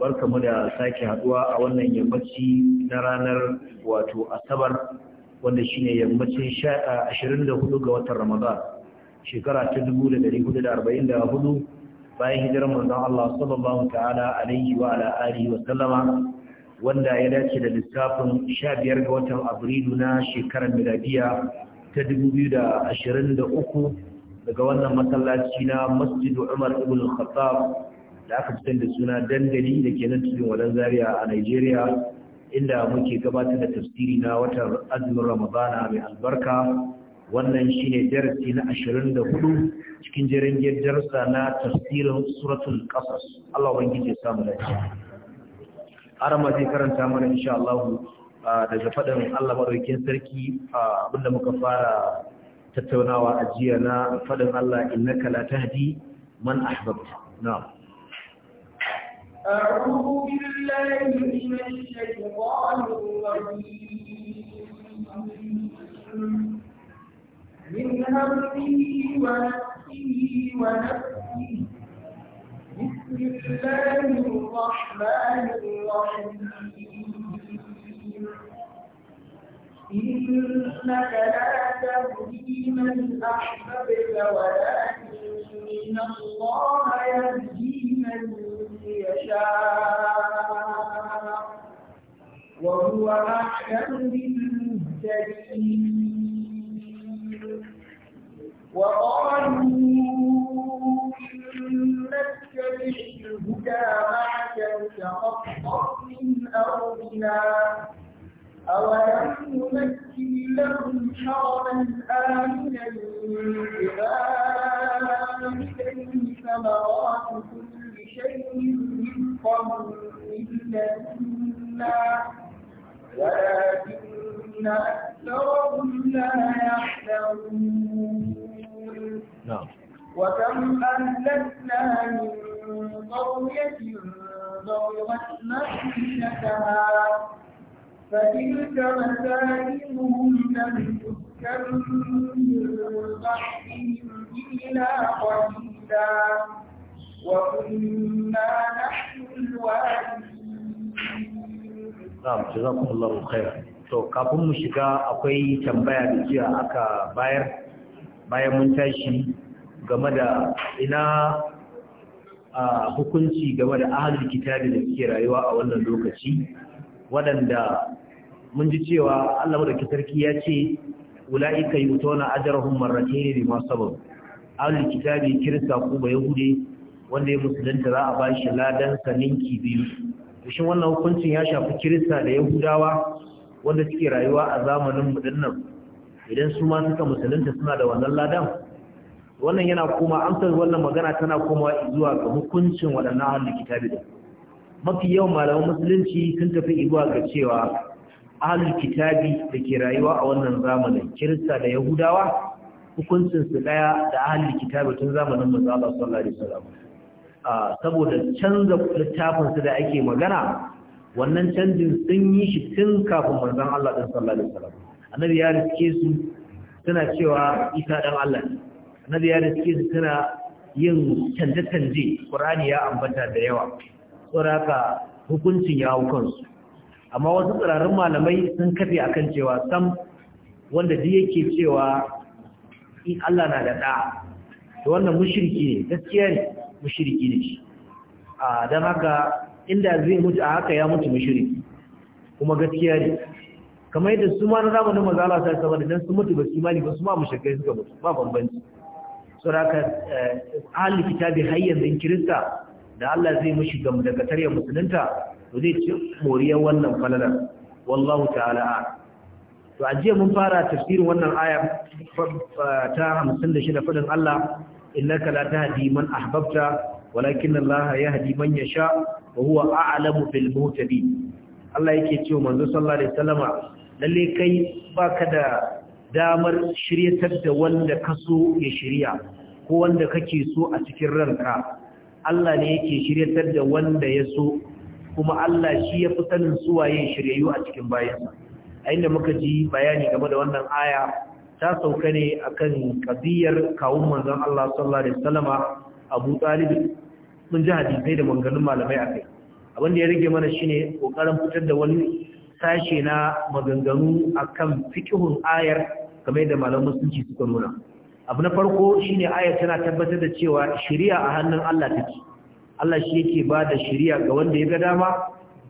barkamu da sake haduwa a wannan yammaci na ranar wato asabar wanda shine yammacin 24 ga watan ramadan shekara ta 1444 bayan hijirar manzon Allah sallallahu ta'ala alaihi wa ala alihi wa sallama wanda ya dace da lissafin 15 ga watan abrilu na shekarar miladiya ta 2023 daga wannan masallaci na Masjid Umar ibn Khattab da aka fitar da suna dandali da ke nan cikin wadan zaria a Najeriya inda muke gabatar da tafsiri na watan azumin Ramadana mai albarka wannan shine darasi na ashirin da hudu cikin jerin darsa na tafsirin suratul qasas Allah ubangiji ya samu lafiya arama zai karanta mana insha Allah daga faɗin Allah madaukakin sarki abinda muka fara tattaunawa a jiya na faɗin Allah innaka la tahdi man ahbabta na'am أعوذ بالله من الشيطان الرجيم من همه ونفسه ونفسه بسم الله الرحمن الرحيم إنك لا تهدي من أحببت ولكن الله يهدي من وهو أعلم بالمهتدين وقالوا إن نتبع الهدى معك نتخطف من أرضنا أولم نمكن لهم حرما آمنا بما إليه ثمرات كل شيء رزقا من لدنا ولكن أكثرهم لا يعلمون نعم وكم أهلكنا من قرية ضربت معيشتها فتلك مساكنهم لم تسكن من بعدهم إلا قليلا وكنا نحن الوارثين نعم جزاكم الله خيرا to kafin mu shiga akwai tambaya da jiya aka bayar bayan mun tashi game da ina hukunci game da ahalin kitabi da suke rayuwa a wannan lokaci waɗanda mun ji cewa Allah da sarki ya ce ula'ika yutuna ajrahum marratayn bima sabab ahalin kitabi kirista ko ba yahude wanda ya musulunta za a ba shi ladan ninki biyu shin wannan hukuncin ya shafi kirista da yahudawa wanda suke rayuwa a zamanin mudinnan idan su ma suka musulunta suna da wannan ladan wannan yana koma amsar wannan magana tana komawa zuwa ga hukuncin waɗannan ahlul kitabi da mafi yawan malaman musulunci sun tafi zuwa ga cewa ahlul kitabi da ke rayuwa a wannan zamanin kirista da yahudawa hukuncin su daya da ahlul kitabi tun zamanin manzo Allah sallallahu alaihi wasallam saboda canza littafinsu da ake magana wannan canjin sun yi shi tun kafin manzon Allah ɗin sallallahu alaihi wasallam annabi ya riske su suna cewa isa ɗan Allah annabi ya riske su suna yin canje-canje ƙur'ani ya ambata da yawa tsoraka hukuncin ya hau kansu amma wasu tsirarin malamai sun kafe akan cewa sam wanda duk yake cewa in Allah na da ɗa to wannan mushriki ne gaskiya ne mushriki ne shi a don haka inda zai mutu a haka ya mutu mushriki kuma gaskiya ne kamar yadda su ma na zamanin maza Allah sai saboda dan su mutu ba su imani ba su ma mushrikai suka mutu ba bambanci saboda eh, ahli kitabi har yanzu kirista da Allah zai mushi ga mudakatariyar musulunta to zai ci moriyar wannan falalar wallahu ta'ala a'lam to ajiye mun fara tafsirin wannan aya ta 56 fadin Allah innaka la tahdi man ahbabta walakin Allah yahdi man yasha wa huwa a'lamu bil muhtadin Allah yake cewa manzo sallallahu alaihi wasallama lalle kai baka da damar shiryatar da wanda kaso ya shirya ko wanda kake so a cikin ranka Allah ne yake shiryatar da wanda ya so kuma Allah shi ya fi sanin suwaye shiryayyu a cikin bayansa a inda muka ji bayani game da wannan aya ta sauka ne a kan ƙabiyar kawun manzan Allah sallallahu alaihi wasallama Abu Talib sun ji hadisai da manganin malamai a kai abinda da ya rage mana shine kokarin fitar da wani sashe na maganganu akan fiƙihun ayar game da malaman musulunci suka nuna abu na farko shine ayar tana tabbatar da cewa shari'a a hannun Allah take Allah shi yake ba da shari'a ga wanda ya ga dama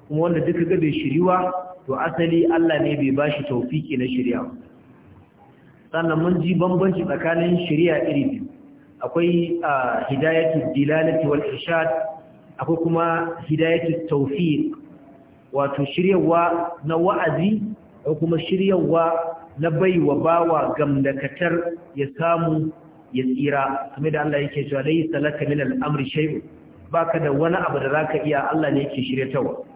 kuma wanda duka ga bai shiriwa to asali Allah ne bai bashi tawfiki na shari'a sannan mun ji bambanci tsakanin shari'a iri biyu akwai hidayatu dilalati wal irshad akwai kuma hidayatu tawfiq wato shiryawa na wa'azi ko kuma shiryawa na baiwa bawa gamdakatar ya samu ya tsira kuma da Allah yake cewa dai salaka min al-amri shay'u baka da wani abu da zaka iya Allah ne yake shiryatawa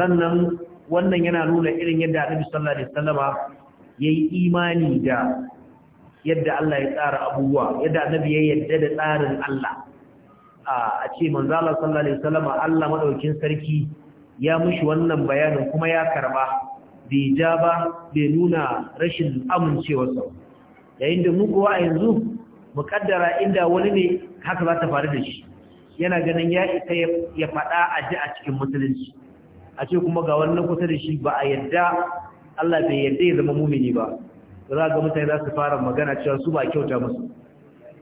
sannan wannan yana nuna irin yadda Annabi sallallahu alaihi wasallama ya imani da yadda Allah ya tsara abubuwa yadda annabi ya yadda da tsarin Allah a ce manzala sallallahu alaihi wasallam Allah madaukin sarki ya mushi wannan bayanin kuma ya karba bai ja ba bai nuna rashin sa yayin da mu kowa yanzu muƙaddara inda wani ne haka za ta faru da shi yana ganin ya isa ya faɗa a ji a cikin musulunci a ce kuma ga wannan kusa da shi ba a yadda Allah bai yadda ya zama mumini ba za ga mutane za su fara magana cewa su ba kyauta musu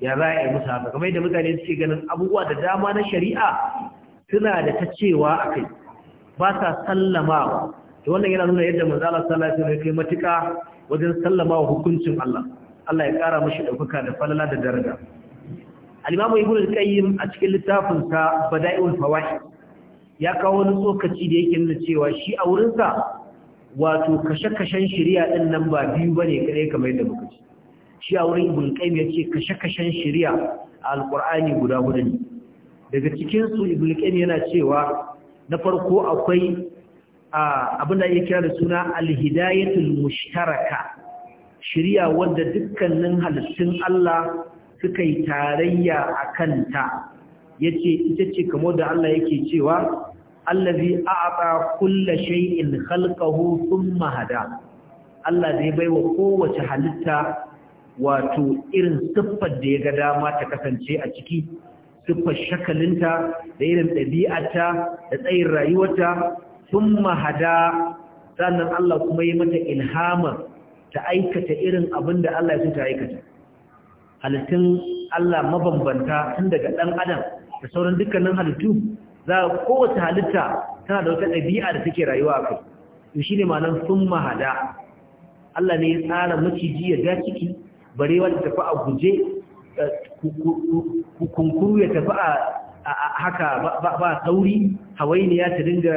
ya za a yi musu haka kamar yadda mutane suke ganin abubuwa da dama na shari'a suna da ta cewa a kai ba sa sallamawa to wannan yana nuna yadda manzo Allah sallallahu alaihi wasallam kai matuka wajen sallamawa hukuncin Allah Allah ya kara mishi daukaka da falala da daraja al-Imam Ibn al-Qayyim a cikin littafinsa sa Bada'iul Fawaid ya kawo wani tsokaci da yake nuna cewa shi a wurinsa? sa wato kashe-kashen shari'a ɗin nan ba biyu ba ne kamar yadda muka ci shi a wurin ibn qayyim ya ce kashe-kashen shari'a a alƙur'ani guda hudu ne daga cikin su ibn qayyim yana cewa na farko akwai abin da ya kira da suna alhidayatul mushtaraka shari'a wanda dukkanin halittun Allah suka yi tarayya akan ta yace ita ce kamar da Allah yake cewa allazi a'ata kulla shay'in khalqahu thumma hada Allah zai baiwa kowace halitta wato irin siffar da ya ga dama ta kasance a ciki siffar shakalinta da irin dabi'arta da tsayin rayuwarta thumma hada sannan Allah kuma yi mata ilhama ta aikata irin abin da Allah ya ta aikata halittun Allah mabambanta tun daga ɗan adam da sauran dukkanin halittu za a kowace halitta tana da wata ɗabi'a da take rayuwa a kai to shi ne malam sun mahada Allah ne ya tsara maciji ya ga ciki barewa ta tafi a guje eh, kunkuru ya tafi a haka ba sauri ya ta dinga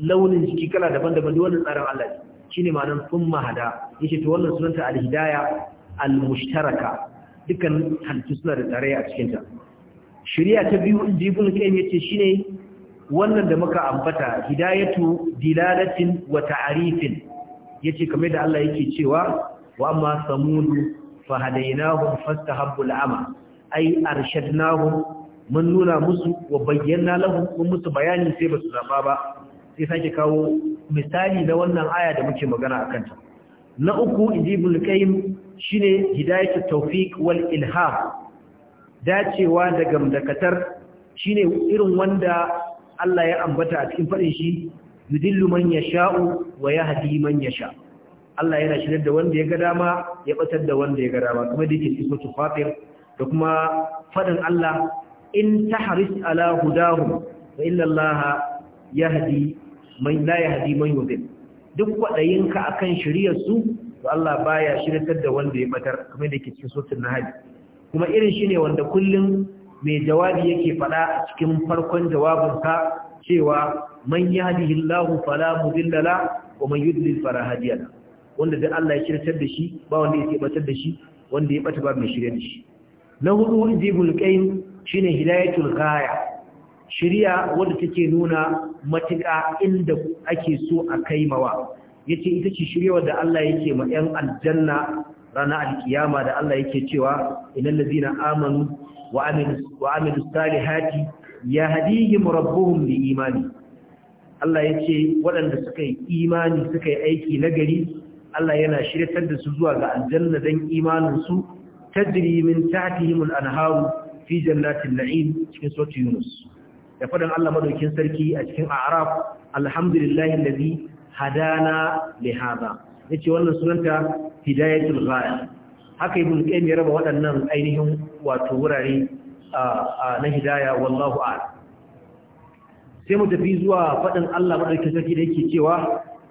launin jiki kala daban-daban da wannan tsarin Allah ne shi ne malam sun mahada ya ce to wannan sunanta alhidaya al-mushtaraka dukkan halittu suna da tarayya a cikinta shari'a ta biyu inji ibn ce yace shine wannan da muka ambata hidayatu dilalatin wa ya yace kamar da Allah yake cewa wa amma samud fa hadaynahum fastahabbu al'ama ay arshadnahum mun nuna musu wa bayyana lahum mun musu bayani sai basu zaba ba sai sake kawo misali na wannan aya da muke magana akan ta na uku inji ibn shi shine hidayatu tawfiq wal ilham dacewa da gamdakatar ne irin wanda Allah ya ambata a cikin faɗin shi yudillu man ya sha'u, wa yahdi man ya sha." Allah yana shirye da wanda ya ga dama ya batar da wanda ya ga dama kuma da yake cikin faɗin da kuma faɗin Allah in tahris ala hudahum wa inna Allah yahdi man la yahdi man yudil duk kwaɗayinka akan shiriyar su to Allah baya shiryatar da wanda ya batar kuma da yake cikin suratul nahl kuma irin shi ne wanda kullum mai jawabi yake faɗa a cikin farkon jawabinsa cewa man yahdihillahu fala mudilla la wa man yudlil fala hadiya la wanda dai Allah ya shirtar da shi ba wanda yake batar da shi wanda ya bata ba mai shirye da shi na hudu injibul qayyim shine hidayatul ghaya shiriya wanda take nuna matuƙa inda ake so a kaimawa yace ita ce shirya da Allah yake ma 'yan aljanna ranar alkiyama da Allah yake cewa inal lazina amanu wa amilu wa amilu salihati yahdihim rabbuhum bi imani Allah yace waɗanda suka yi imani suka yi aiki nagari Allah yana shiryatar da su zuwa ga aljanna dan imaninsu, su tajri ta tahtihim al fi jannatin na'im cikin sura Yunus da faɗan Allah madaukin sarki a cikin a'raf alhamdulillahi allazi hadana li ya yace wannan sunanta hidayatul ghaya haka ibn qayyim ya raba waɗannan ainihin wato wurare na hidaya wallahu a'lam sai mu tafi zuwa faɗin Allah madaukakin sarki da yake cewa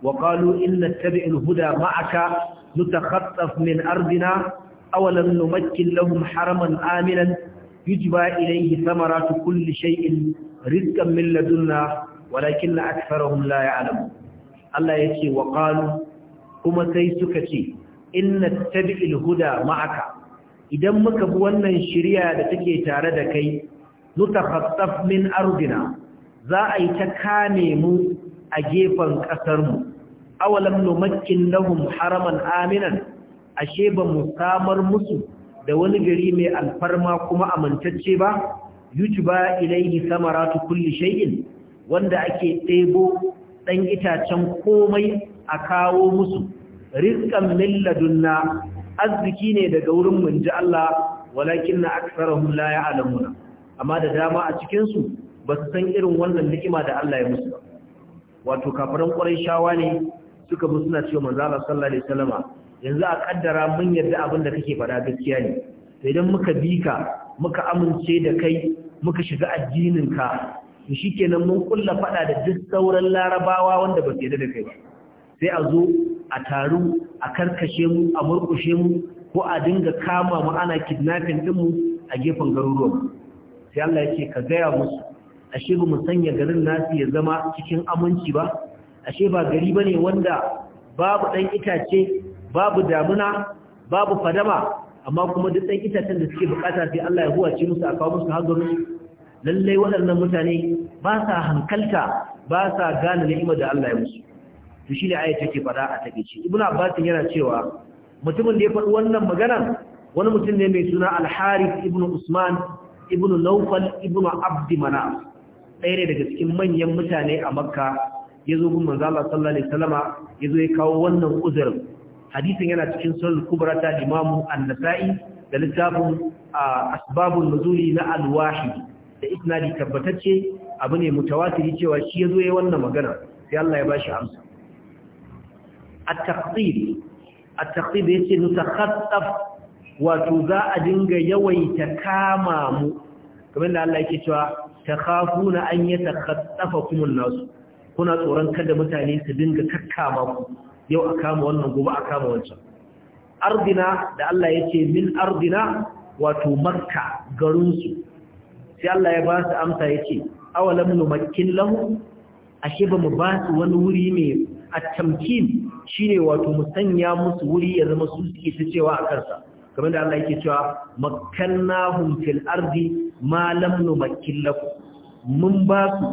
wa qalu inna tabi'ul huda ma'aka nutakhattaf min ardina awalan numakkin lahum haraman aminan yujba ilayhi thamaratu kulli shay'in rizqan min ladunna walakinna aktharuhum la ya'lamun Allah yake wa qalu kuma sai suka ce inna tabi'il huda ma'aka idan muka bi wannan shirya da take tare da kai nutakhassaf min ardina za a yi ta kame mu a gefen kasar mu awalam numakkin lahum haraman aminan ashe ba mu samar musu da wani gari mai alfarma kuma amintacce ba yujba ilaihi samaratu kulli shay'in wanda ake ɗebo ɗan itacen komai a kawo musu rizqan min ladunna arziki ne daga wurin mun Allah walakin na aksarahum la ya'lamuna amma da dama a cikin su ba su san irin wannan ni'ima da Allah ya musu ba wato kafiran shawa ne suka bi suna cewa manzo Allah sallallahu alaihi wasallama yanzu a kaddara mun yarda abin da kake faɗa gaskiya ne to idan muka bika muka amince da kai muka shiga addinin ka to shikenan mun kulla faɗa da duk sauran larabawa wanda ba su yarda da kai ba sai a zo a taru a karkashe mu a murkushe mu ko a dinga kama mu ana kidnapping din mu a gefen garuruwan sai Allah yake ka gaya musu ashe ba mu sanya garin nasu ya zama cikin aminci ba ashe ba gari bane wanda babu dan itace babu damuna babu fadama amma kuma duk dan itacen da suke bukata sai Allah ya huwace musu a kawo musu hagarin lallai waɗannan mutane ba sa hankalta ba sa gane ni'imar da Allah ya musu to shi ne ayat take fada a takeice ibn abbas yana cewa mutumin da ya faɗi wannan magana wani mutum ne mai suna al-harith ibn usman ibn nawfal ibn abd manaf ɗaya ne daga cikin manyan mutane a makka ya zo gun manzo sallallahu alaihi salama, ya zo ya kawo wannan uzurin hadisin yana cikin sunan kubra ta imamu an-nasa'i da littafin asbabun nuzuli na al-wahid da isnadi tabbatacce abu ne mutawatiri cewa shi ya zo ya wannan magana sai Allah ya bashi amsa at-taqdid at-taqdid yace nutakhaffaf wato za a dinga yawaita kama mu kamar da Allah yake cewa takhafuna an yatakhaffakum an-nas kuna tsoron kada mutane su dinga kakkama ku yau a kama wannan gobe a kama wancan ardina da Allah yake min ardina wato makka garinsu sai Allah ya ba su amsa yace awalam numakkin lahu ashe ba mu ba wani wuri mai a tamkin ne wato musanya musu wuri ya zama su suke ta cewa a kansa kamar da Allah yake cewa makkannahum fil ardi ma lam numakkin lakum mun ba su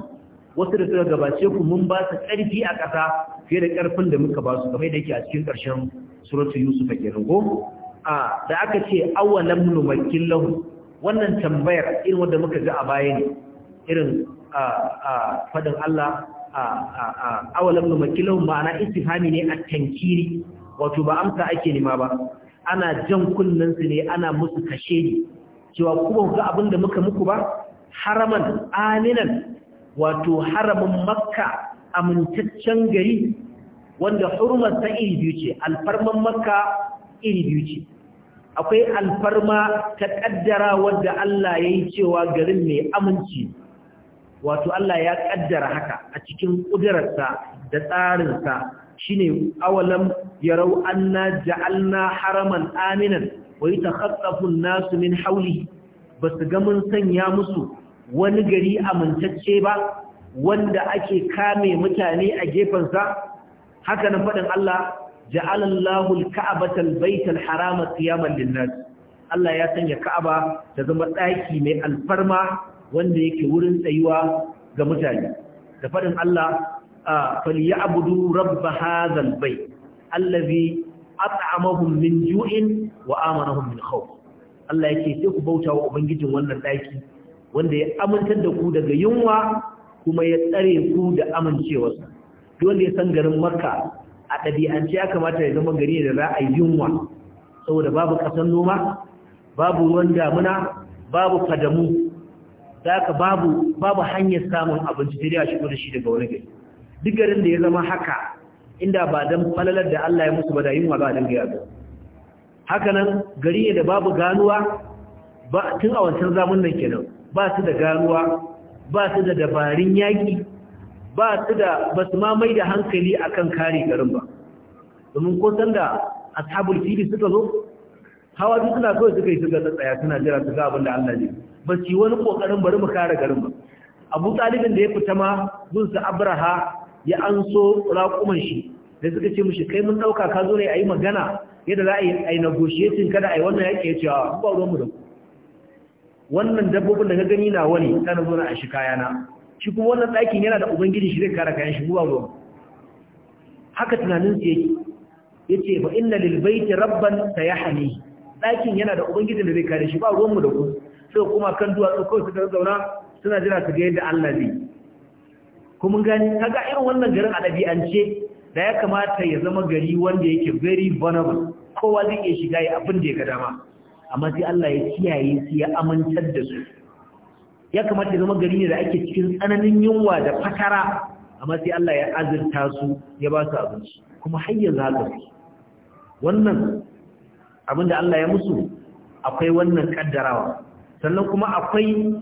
wasu da suka gabace ku mun ba su ƙarfi a ƙasa fiye da ƙarfin da muka ba su kamar da yake a cikin ƙarshen suratu yusuf a kenan ko a da aka ce awalam numakkin lahu wannan tambayar irin wanda muka ga a baya ne irin a fadin Allah awalan numakilan ma'ana istihami ne a tankiri wato ba amsa ake nema ba ana jan kunnensu ne ana musu kashe ne cewa kuma ga abin da muka muku ba haraman aminan wato haramin makka amintaccen gari wanda ta iri biyu ce alfarman makka iri biyu ce akwai alfarma ta kaddara wadda Allah ya yi cewa garin mai aminci wato Allah ya kaddara haka a cikin ƙudurarsa da tsarinsa shine awalam yarau anna ja'alna haraman aminan wai ta an-nasu min hawlihi basu ga mun sanya musu wani gari amintacce ba wanda ake kame mutane a gefensa haka nan faɗin Allah ja'alallahu al-ka'bata al-baytal harama qiyaman lin Allah ya sanya Ka'aba ta zama ɗaki mai alfarma wanda yake wurin tsayuwa ga mutane da faɗin Allah falyabudu rabb hadhal bayt allazi at'amahum min ju'in wa amanahum min khawf Allah yake sai ku bauta wa ubangijin wannan daki wanda ya amintar da ku daga yunwa kuma ya tsare ku da amincewa. duk wanda ya san garin Makka a ɗabi'ance ya kamata ya zama gari da za a yunwa saboda babu ƙasar noma babu ruwan damuna babu fadamu da aka babu babu hanyar samun abinci da dai a shigo da shi daga wani gari duk garin da ya zama haka inda ba dan falalar da Allah ya musu ba da yunwa ba dan gaya haka nan gari ne da babu ganuwa ba tun a wancan zamun nan kenan ba su da ganuwa ba su da dabarun yaki ba su da ba su ma mai da hankali akan kare garin ba domin ko sanda ashabul fili suka zo hawa duk suna kawai suka yi suka tsaya suna jira su ga abin da Allah ne ba su yi wani kokarin bari mu kare garin ba abu talibin da ya fita ma gun sa abraha ya anso raƙuman shi da suka ce mushi kai mun ɗauka ka zo ne a yi magana yadda za a yi negotiating kada a yi wannan yake ya ce a ba ruwan mu da ku wannan dabbobin da ka gani na wani kana zo na a shi kayana shi kuma wannan ɗakin yana da ubangiji shi zai kare kayan shi ba ruwan haka tunanin su yake yace fa inna lil baiti rabban sayahni ɗakin yana da ubangijin da zai kare shi ba ruwanmu da ku Suka kuma kan duwatsu kawai suka zauna suna jira su ga yadda Allah zai kuma gani kaga irin wannan garin a ɗabi'ance da ya kamata ya zama gari wanda yake very vulnerable kowa zai iya shiga ya abin da ya ga dama amma sai Allah ya kiyaye su ya amintar da su ya kamata ya zama gari ne da ake cikin tsananin yunwa da fatara amma sai Allah ya azurta su ya ba su abinci kuma har yanzu haka wannan abinda Allah ya musu akwai wannan kaddarawa sannan kuma akwai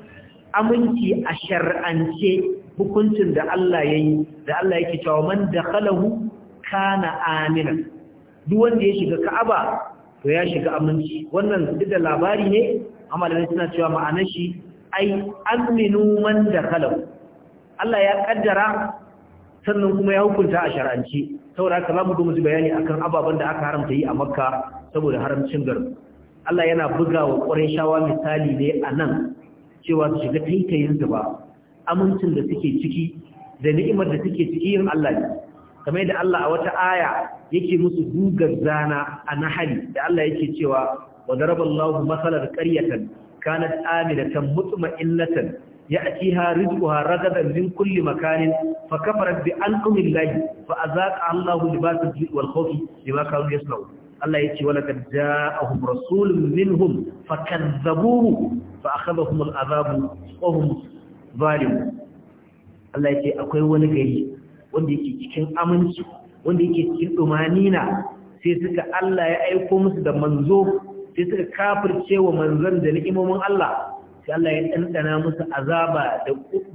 aminci a shar'ance hukuncin da Allah ya yi da Allah yake cewa man dakhalahu kana amina duk wanda ya shiga Ka'aba to ya shiga aminci wannan duk da labari ne amma da suna cewa ma'anar shi ai aminu man dakhalahu Allah ya kaddara sannan kuma ya hukunta a shar'ance saboda haka zamu zo bayani akan ababen da aka haramta yi a Makka saboda haramcin garin Allah yana buga wa ƙwarishawa misali ne a nan cewa su shiga yanzu ba amincin da suke ciki da ni'imar da suke ciki yin Allah ne kamar da Allah a wata aya yake musu gugar zana a nahali da Allah yake cewa wa daraballahu masalar qaryatan kanat amilatan mutma'innatan ya'tiha rizquha ragadan min kulli makanin fa kafarat bi anqamillahi fa azaqa Allahu libasa al-ju'i wal khawfi bima kanu yasna'un Allah ya ce wala kad ja'ahum rasulun minhum fakazzabuhu fa akhadhahum al'azabu wa hum zalimun Allah ya ce akwai wani gari wanda yake cikin aminci wanda yake cikin dumanina sai suka Allah ya aiko musu da manzo sai suka kafirce wa manzon da ni'imomin Allah sai Allah ya dandana musu azaba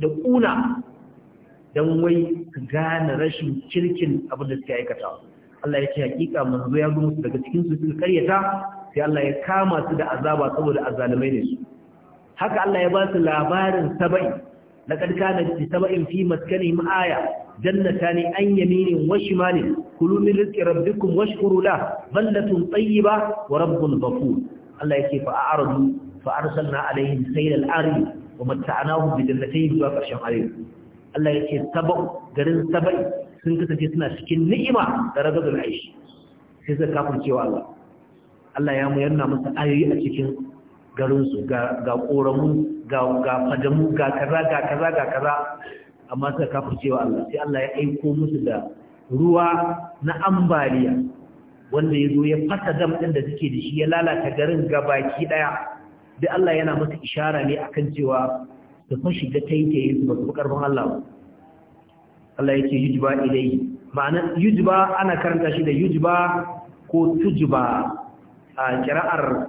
da ƙuna don wai su gane rashin kirkin abin da suka aikata Allah ya ce hakika manzo ya musu daga cikin su suka karyata sai Allah ya kama su da azaba saboda azalimai ne su haka Allah ya ba su labarin saba'i laqad kana fi saba'in fi maskanihim aya jannatani an yaminin wa shimalin kulu min rizqi rabbikum washkuru la ballatun tayyiba wa rabbun ghafur Allah yake fa a'radu fa arsalna alaihim sayl al-ardi wa matta'nahum bi jannatayhim wa qashan alayhim Allah yake saba'u garin saba'i sun kasance suna cikin ni'ima da ragazul aishi sai suka kafin cewa Allah Allah ya mu yanna musu ayoyi a cikin garinsu ga ƙoramu ga fadamu ga kaza ga kaza ga kaza amma suka kafin cewa Allah sai Allah ya aiko musu da ruwa na ambaliya wanda ya zo ya fasa dam ɗin da suke da shi ya lalata garin ga baki ɗaya da Allah yana musu ishara ne akan cewa ta fa da taitaye su ba su karfin Allah ba Allah yake yujba ilai, ma'ana yujba ana karanta shi da yujba ko tujba a kira'ar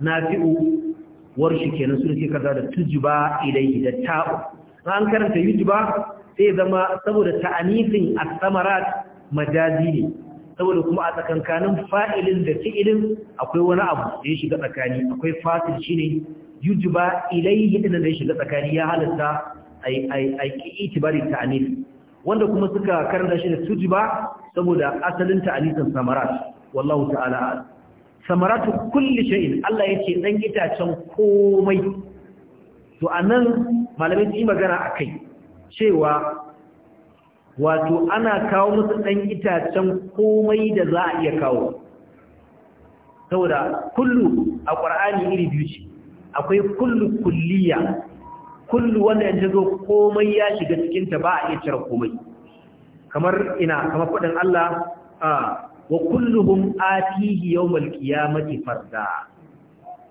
nafi'u warshi kenan sun ke kaza da tujba ilai da ta'u an karanta yujba sai zama saboda ta'anifin as-samarat majazi ne saboda kuma a tsakankanin fa'ilin da fi'ilin akwai wani abu da ya shiga tsakani akwai fasil shine yujba ilai din da ya shiga tsakani ya halitta ai ai ai itibari ta'anif wanda kuma suka karanta shi da tujiba saboda asalin ta'alitan samarat wallahu ta'ala samaratu kulli shay'in Allah yake dan itacen komai to anan malamai yi magana akai cewa wato ana kawo musu dan itacen komai da za a iya kawo saboda kullu a qur'ani iri biyu ce akwai kullu kulliya kullu wanda ya zo komai ya shiga cikin ta ba a iya cire komai kamar ina kamar fadin Allah ah, wa kulluhum atihi yawmal qiyamati farda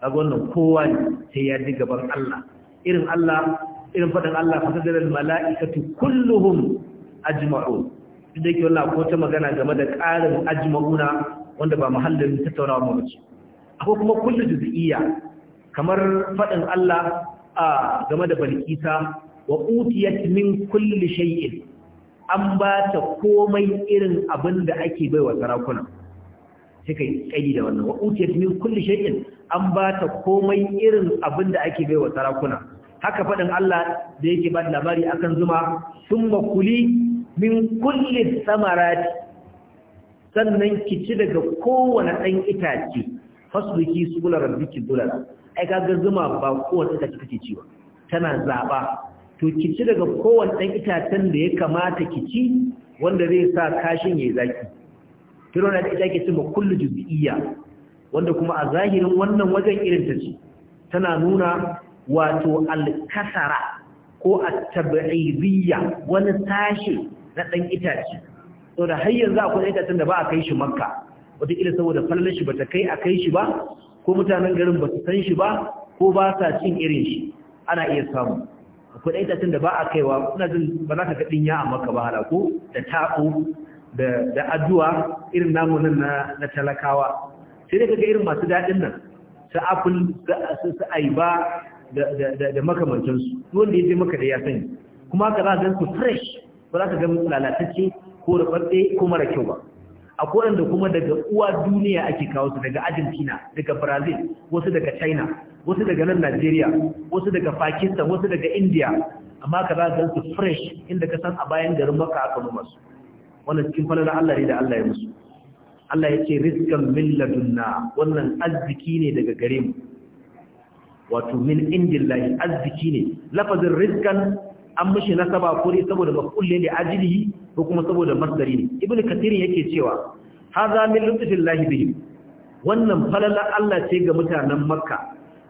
kaga wannan kowa sai ya ji gaban Allah irin Allah irin fadin Allah fa sadar al malaikatu kulluhum ajma'un da yake wannan ko ta magana game da ƙarin ajma'una wanda ba mahallin tattaunawa mu bace akwai kuma kullu juz'iyya kamar fadin Allah a game da balkisa wa utiyat min kulli shay'in an ba ta komai irin abin da ake bai wa sarakuna sai kai kai da wannan wa utiyat min kulli shay'in an ba ta komai irin abin da ake bai wa sarakuna haka faɗin Allah da yake ba labari akan zuma summa kuli min kulli samarati sannan ki ci daga kowane ɗan itace fasuki subular rabbiki bulala ai ka zuma ba kowanne ta take ciwa tana zaba to ki ci daga kowanne dan itacen da ya kamata ki ci wanda zai sa kashin yayi zaki kiro na da ita ke cewa kullu juz'iyya wanda kuma a zahirin wannan wajen irin ta ce tana nuna wato al ko at-tab'idiyya wani tashi na ɗan itace to da har yanzu akwai itacen da ba a kai shi makka wataƙila saboda fallon shi bata kai a kai shi ba ko mutanen garin ba su san shi ba ko ba sa cin irin shi ana iya samu akwai ɗan itacen da ba a kaiwa kuna jin ba za ka ga ɗinya a maka ba hala ko da taɓo da addu'a irin namu nan na talakawa sai dai ka ga irin masu daɗin nan su apple su aiba da makamantansu wanda ya je maka da ya sani kuma ka za ka gan su fresh ba za ka gan lalatacce ko da rufatse ko mara kyau ba akwai wanda kuma daga uwa duniya ake kawo su daga Argentina daga Brazil wasu daga China wasu daga nan Nigeria wasu daga Pakistan wasu daga India amma ka za ka su fresh inda ka san a bayan garin maka aka nuna su wannan cikin falalar Allah ne da Allah ya musu Allah ya ce rizqan min ladunna wannan arziki ne daga gare mu wato min indillahi arziki ne lafazin rizqan an mishi nasaba kuri saboda maf'ul ne da ajilihi ko kuma saboda masdari ne ibnu kathir yake cewa hadha min lutfillahi bihim wannan falala Allah ce ga mutanen makka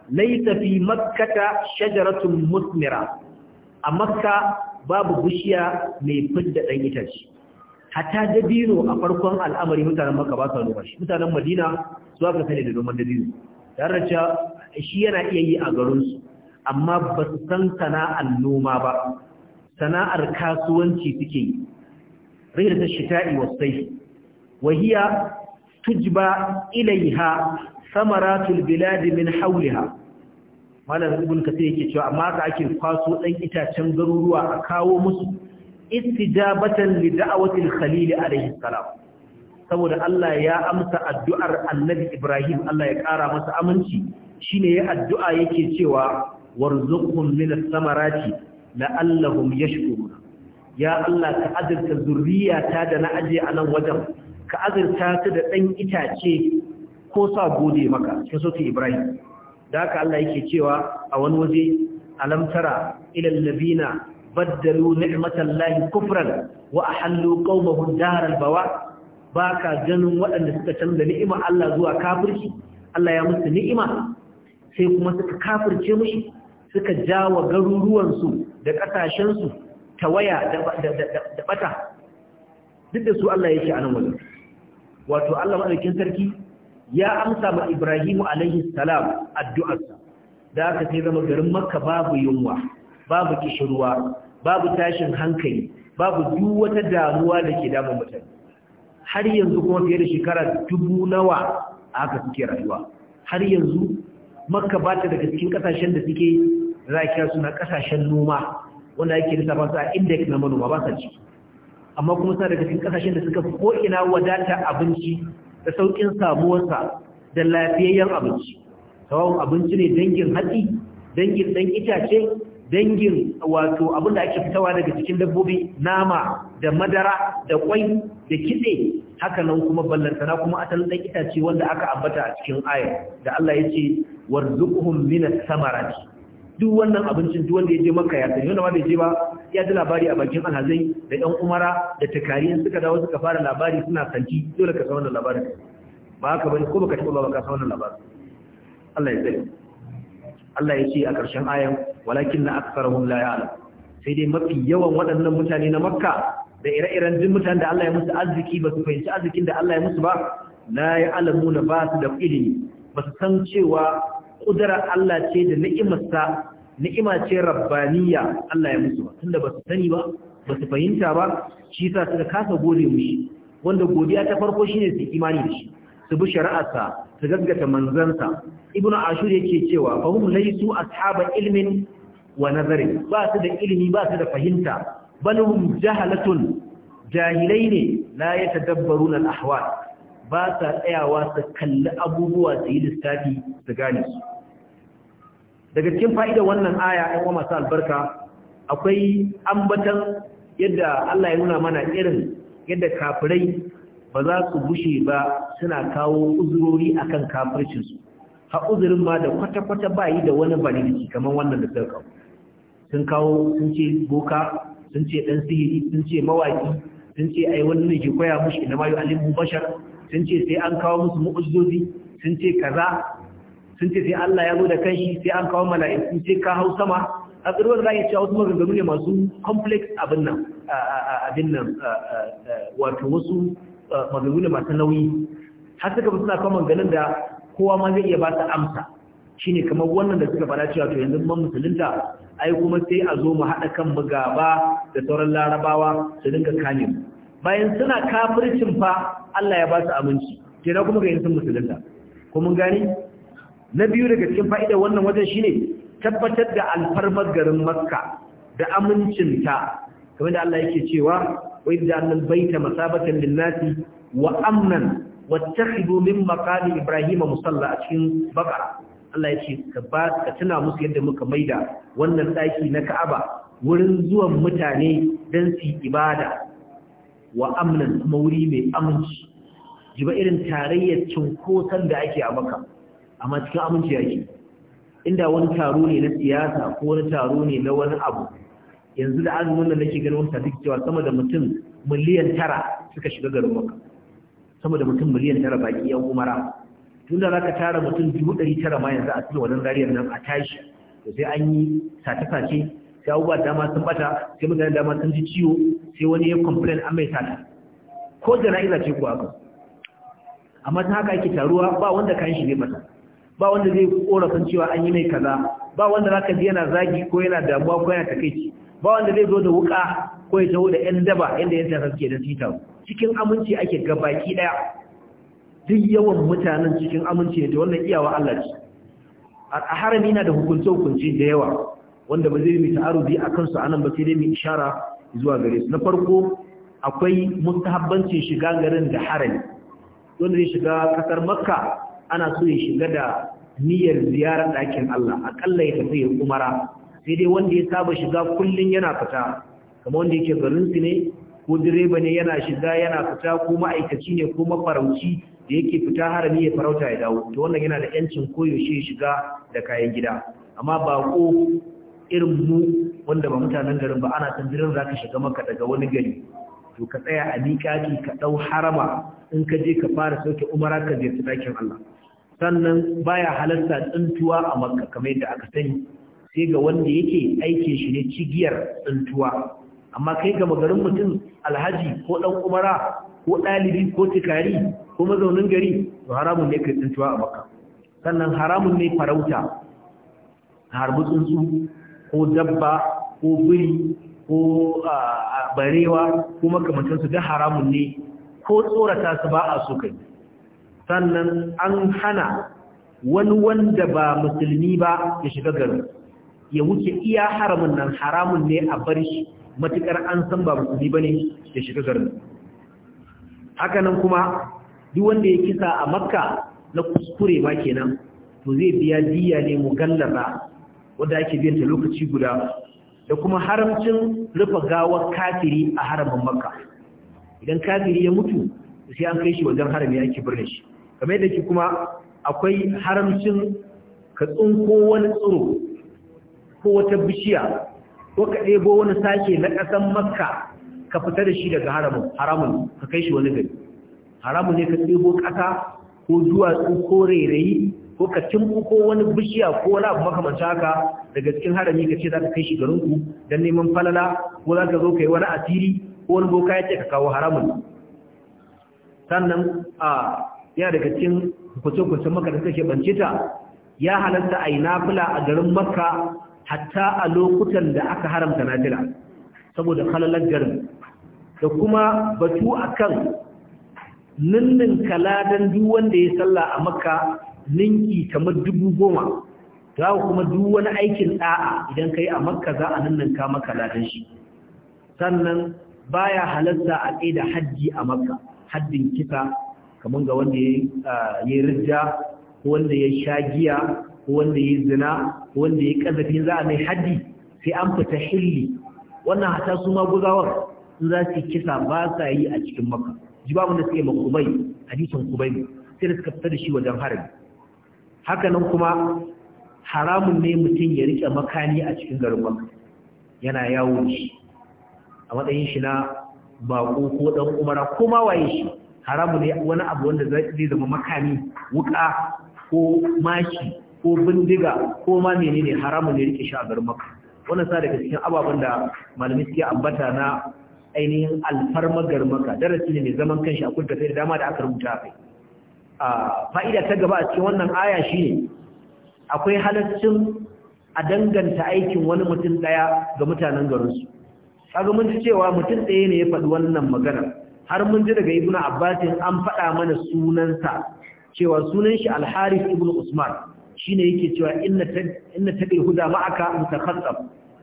laita fi makkata shajaratun musmira a makka babu bishiya mai fidda ɗan itace hatta dabino a farkon al'amari mutanen makka ba su noma shi mutanen madina su aka sani da noman dabino tare shi yana iya yi a garinsu amma ba su san sana'ar noma ba sana'ar kasuwanci suke yi رحلة الشتاء والصيف وهي تجبى إليها ثمرات البلاد من حولها malam ibn kasir yake cewa amma haka ake kwaso ɗan itacen garuruwa a kawo musu istijabatan li da'awatil khalil alaihi salam saboda Allah ya amsa addu'ar annabi Ibrahim Allah ya ƙara masa aminci shine ya addu'a yake cewa warzuqhum min ath-thamarati la'allahum yashkuruna ya Allah ka azurta zurriyata da na aje a nan wajen ka azurta ta da ɗan itace ko sa gode maka cikin sautin ibrahim da haka Allah yake cewa a wani waje alamtara ilal labina baddalu ni'matallahi kufran wa ahallu qaumahum daral bawa baka ganin waɗanda suka canza ni'ima Allah zuwa kafirci Allah ya musu ni'ima sai kuma suka kafirce mushi suka jawa garuruwansu da ƙasashensu tawaya da bata duk da su Allah yake a nan wajen wato Allah madaukin sarki ya amsa ma Ibrahimu alaihi salam addu'arsa da aka sai zama garin Makka babu yunwa babu kishirwa babu tashin hankali babu duk wata damuwa da ke damun mutane har yanzu kuma fiye da shekara dubu nawa aka suke rayuwa har yanzu Makka ba ta daga cikin kasashen da suke rakiya suna kasashen noma wanda ake lissafa su a index na manoma ba sa ci amma kuma sa daga cikin kasashen da suka ko ina wadata abinci da saukin samuwarsa da lafiyayyen abinci sawon abinci ne dangin hatsi dangin dan itace dangin wato abin da ake fitawa daga cikin dabbobi nama da madara da kwai da kitse haka nan kuma ballantana kuma asalin dan itace wanda aka ambata a cikin ayar da Allah ya ce warzuqhum minas samarati duk wannan abincin duk wanda ya je makka ya san yana ma bai je ba ya ji labari a bakin alhazai da ɗan umara da takariyan suka dawo suka fara labari suna santi dole ka san wannan labarin ba haka bane ko baka taba ba ka san wannan labarin Allah ya tsare Allah ya ce a ƙarshen ayan walakin na aksarahum la ya'lam sai dai mafi yawan waɗannan mutane na makka da ire-iren jin mutanen da Allah ya musu arziki ba su fahimci arzikin da Allah ya musu ba la ya'lamuna ba su da ilimi ba su san cewa ƙudurar Allah ce da ni'imarsa ni'ima ce rabbaniya Allah ya musu ba tunda ba su sani ba ba su fahimta ba shi yasa suka kasa gode mushi wanda godiya ta farko shine su imani da shi su bi shari'arsa su gaggata manzansa ibnu ashur yake cewa fa hum laysu ashaba ilmin wa nazari ba su da ilimi ba su da fahimta bal hum jahalatun jahilai ne la yatadabbaruna al-ahwal ba sa tsayawa su kalli abubuwa su yi lissafi su gane su daga cikin fa'ida wannan aya ‘yan wa masu albarka akwai ambatan yadda Allah ya nuna mana irin yadda kafirai ba za su bushe ba suna kawo uzurori akan kafircinsu ha uzurin ma da kwata-kwata yi da wani baliki kamar wannan da sarkawa sun kawo sun ce boka sun ce ɗan sihiri sun ce mawaƙi sun ce ai wani ne ke koya mushi na mayu alimu bashar sun ce sai an kawo musu mu'ujjoji sun ce kaza sun ce sai Allah ya zo da kanshi sai an kawo mala'iku sai ka hau sama a tsirwar za a yi cewa wasu maganganu ne masu complex abin nan abin nan wato wasu maganganu ne masu nauyi har suka fi suna kawo maganganun da kowa ma zai iya ba su amsa shine kamar wannan da suka fara cewa to yanzu mun musulunta ai kuma sai a zo mu haɗa kan mu gaba da sauran larabawa su dinga kani bayan suna kafircin fa Allah ya ba su aminci kenan kuma ga yin sun musulunta ko mun gani na biyu daga cikin fa'ida wannan wajen shine tabbatar da alfarmar garin makka da amincinta kamar da Allah yake cewa wai idza baita masabatan lin-nasi wa amnan wattakhidhu min maqami ibrahima musalla a cikin baka, Allah ya ce ka tuna musu yadda muka maida wannan ɗaki na Ka'aba wurin zuwan mutane dan su ibada wa amnan kuma wuri mai aminci jiba irin tarayyar cinkoson da ake a Makka amma cikin aminci yake inda wani taro ne na siyasa ko wani taro ne na wani abu yanzu da azumin da nake ganin wata duk cewa sama da mutum miliyan tara suka shiga garin maka sama da mutum miliyan tara baki yan umara tun da za ka tara mutum dubu ɗari tara ma yanzu a cikin wannan gariyar nan a tashi to sai an yi sace-sace sai abubuwa dama sun bata sai mutane dama sun ji ciwo sai wani ya complain an mai sata ko jana'iza ce ko haka amma ta haka ake taruwa ba wanda kan shi ne mata ba wanda zai korafin cewa an yi mai kaza ba wanda zaka ji yana zagi ko yana damuwa ko yana takeici ba wanda zai zo da wuka ko ya taho da yan daba inda yan tasa ke da sita cikin aminci ake gabaki daya duk yawan mutanen cikin aminci ne to wannan iyawa Allah ce a harami na da hukunce hukunce da yawa wanda ba zai yi ta'arudi kansu a nan ba sai dai mu ishara zuwa gare su na farko akwai mustahabbancin shiga garin da harami wanda zai shiga kasar makka ana so ya shiga da niyyar ziyarar ɗakin Allah akalla ya tafi ya umara sai dai wanda ya saba shiga kullum yana fita kamar wanda yake garin su ne ko direba ne yana shiga yana fita ko ma'aikaci ne ko mafarauci da yake fita harami ya farauta ya dawo to wannan yana da yancin koyaushe ya shiga da kayan gida amma ba ko irin mu wanda ba mutanen garin ba ana tambirin za ka shiga maka daga wani gari to ka tsaya a miƙaƙi ka ɗau harama in ka je ka fara sauke umara ka ziyarci ɗakin Allah sannan baya halarta tsintuwa a makka kamar yadda aka sani sai ga wanda yake aikin shi ne cigiyar tsintuwa amma kai ga magarin mutum alhaji ko dan umara ko dalibi ko tikari ko mazaunin gari to haramun ne kai tsintuwa a makka sannan haramun ne farauta harbi tsuntsu ko dabba ko biri ko barewa ko makamantansu da haramun ne ko tsorata su ba a so kai sannan an hana wani wanda ba musulmi ba ya shiga gari, ya wuce iya haramun nan haramun ne a bar shi matukar an san ba musulmi bane ya shiga garin haka nan kuma duk wanda ya kisa a makka na kuskure ma kenan to zai biya diya ne mu gallaba wanda ake biyan lokaci guda da kuma haramcin rufe gawar kafiri a haramin makka idan kafiri ya mutu sai an kai shi wajen harami ake birne shi kamar yadda ki kuma akwai haramcin ka tsunko wani tsiro ko wata bishiya ko ka ɗebo wani sake na ƙasan makka ka fita da shi daga haramun haramun ka kai shi wani gari haramun ne ka ɗebo ƙasa ko duwatsu ko rairayi ko ka ko wani bishiya ko wani abu makamanta haka daga cikin harami ka ce za ka kai shi garinku don neman falala ko za ka zo ka yi wani asiri ko wani boka ya ce ka kawo haramun sannan a yana daga cikin kusa-kusa maka da suka bance ta ya halatta a yi nafula a garin makka hatta a lokutan da aka haramta nafila saboda halalar garin da kuma batu akan ninnin kaladan duk wanda ya salla a makka ninki kamar dubu goma za ku kuma duk wani aikin da'a idan ka yi a makka za a ninninka maka ladan shi sannan baya halatta a tsaye da hajji a makka haddin kisa kamar ga wanda ya yi rijja ko wanda ya sha giya ko wanda ya zina ko wanda ya kazafi za a mai haddi sai an fita hilli wannan hata su ma in za su kisa ba sa yi a cikin maka ji babu da suke makubai hadisin kubai sai da suka fita da shi wajen harin. haka nan kuma haramun ne mutum ya rike makani a cikin garin maka yana yawo shi a matsayin shi na baƙo ko ɗan umara ko ma waye shi haramu ne wani abu wanda zai zama makami wuka ko mashi ko bindiga ko ma menene haramu ne rike shi a garin maka wannan sa daga cikin ababen da malamai suke ambata na ainihin alfarma garin maka darasi ne mai zaman kanshi a kudda sai da dama da aka rubuta kai a fa'ida ta gaba a cikin wannan aya shine akwai halaccin a danganta aikin wani mutum daya ga mutanen garin su kaga mun cewa mutum ɗaya ne ya faɗi wannan maganar. har mun ji daga ibn abbasin an faɗa mana sunansa cewa sunan shi al-harith ibnu usman shine yake cewa inna inna tabil huda ma'aka mutakhassab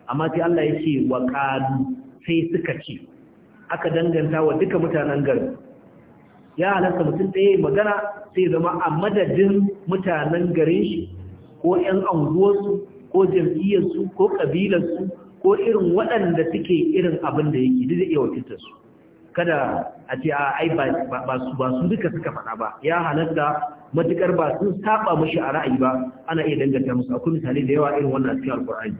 amma sai Allah yake wa ƙadu sai suka ce aka danganta wa duka mutanen garin ya halarta mutum ɗaya magana sai zama a madadin mutanen garin shi ko 'yan anguwarsu ko jam'iyyarsu ko ƙabilarsu ko irin waɗanda suke irin abin da yake duk da iya wakiltarsu kada a ce a ai ba su duka suka faɗa ba ya halatta matukar ba sun saba mashi a ra'ayi ba ana iya danganta musu akwai misali da yawa irin wannan cikin alkur'ani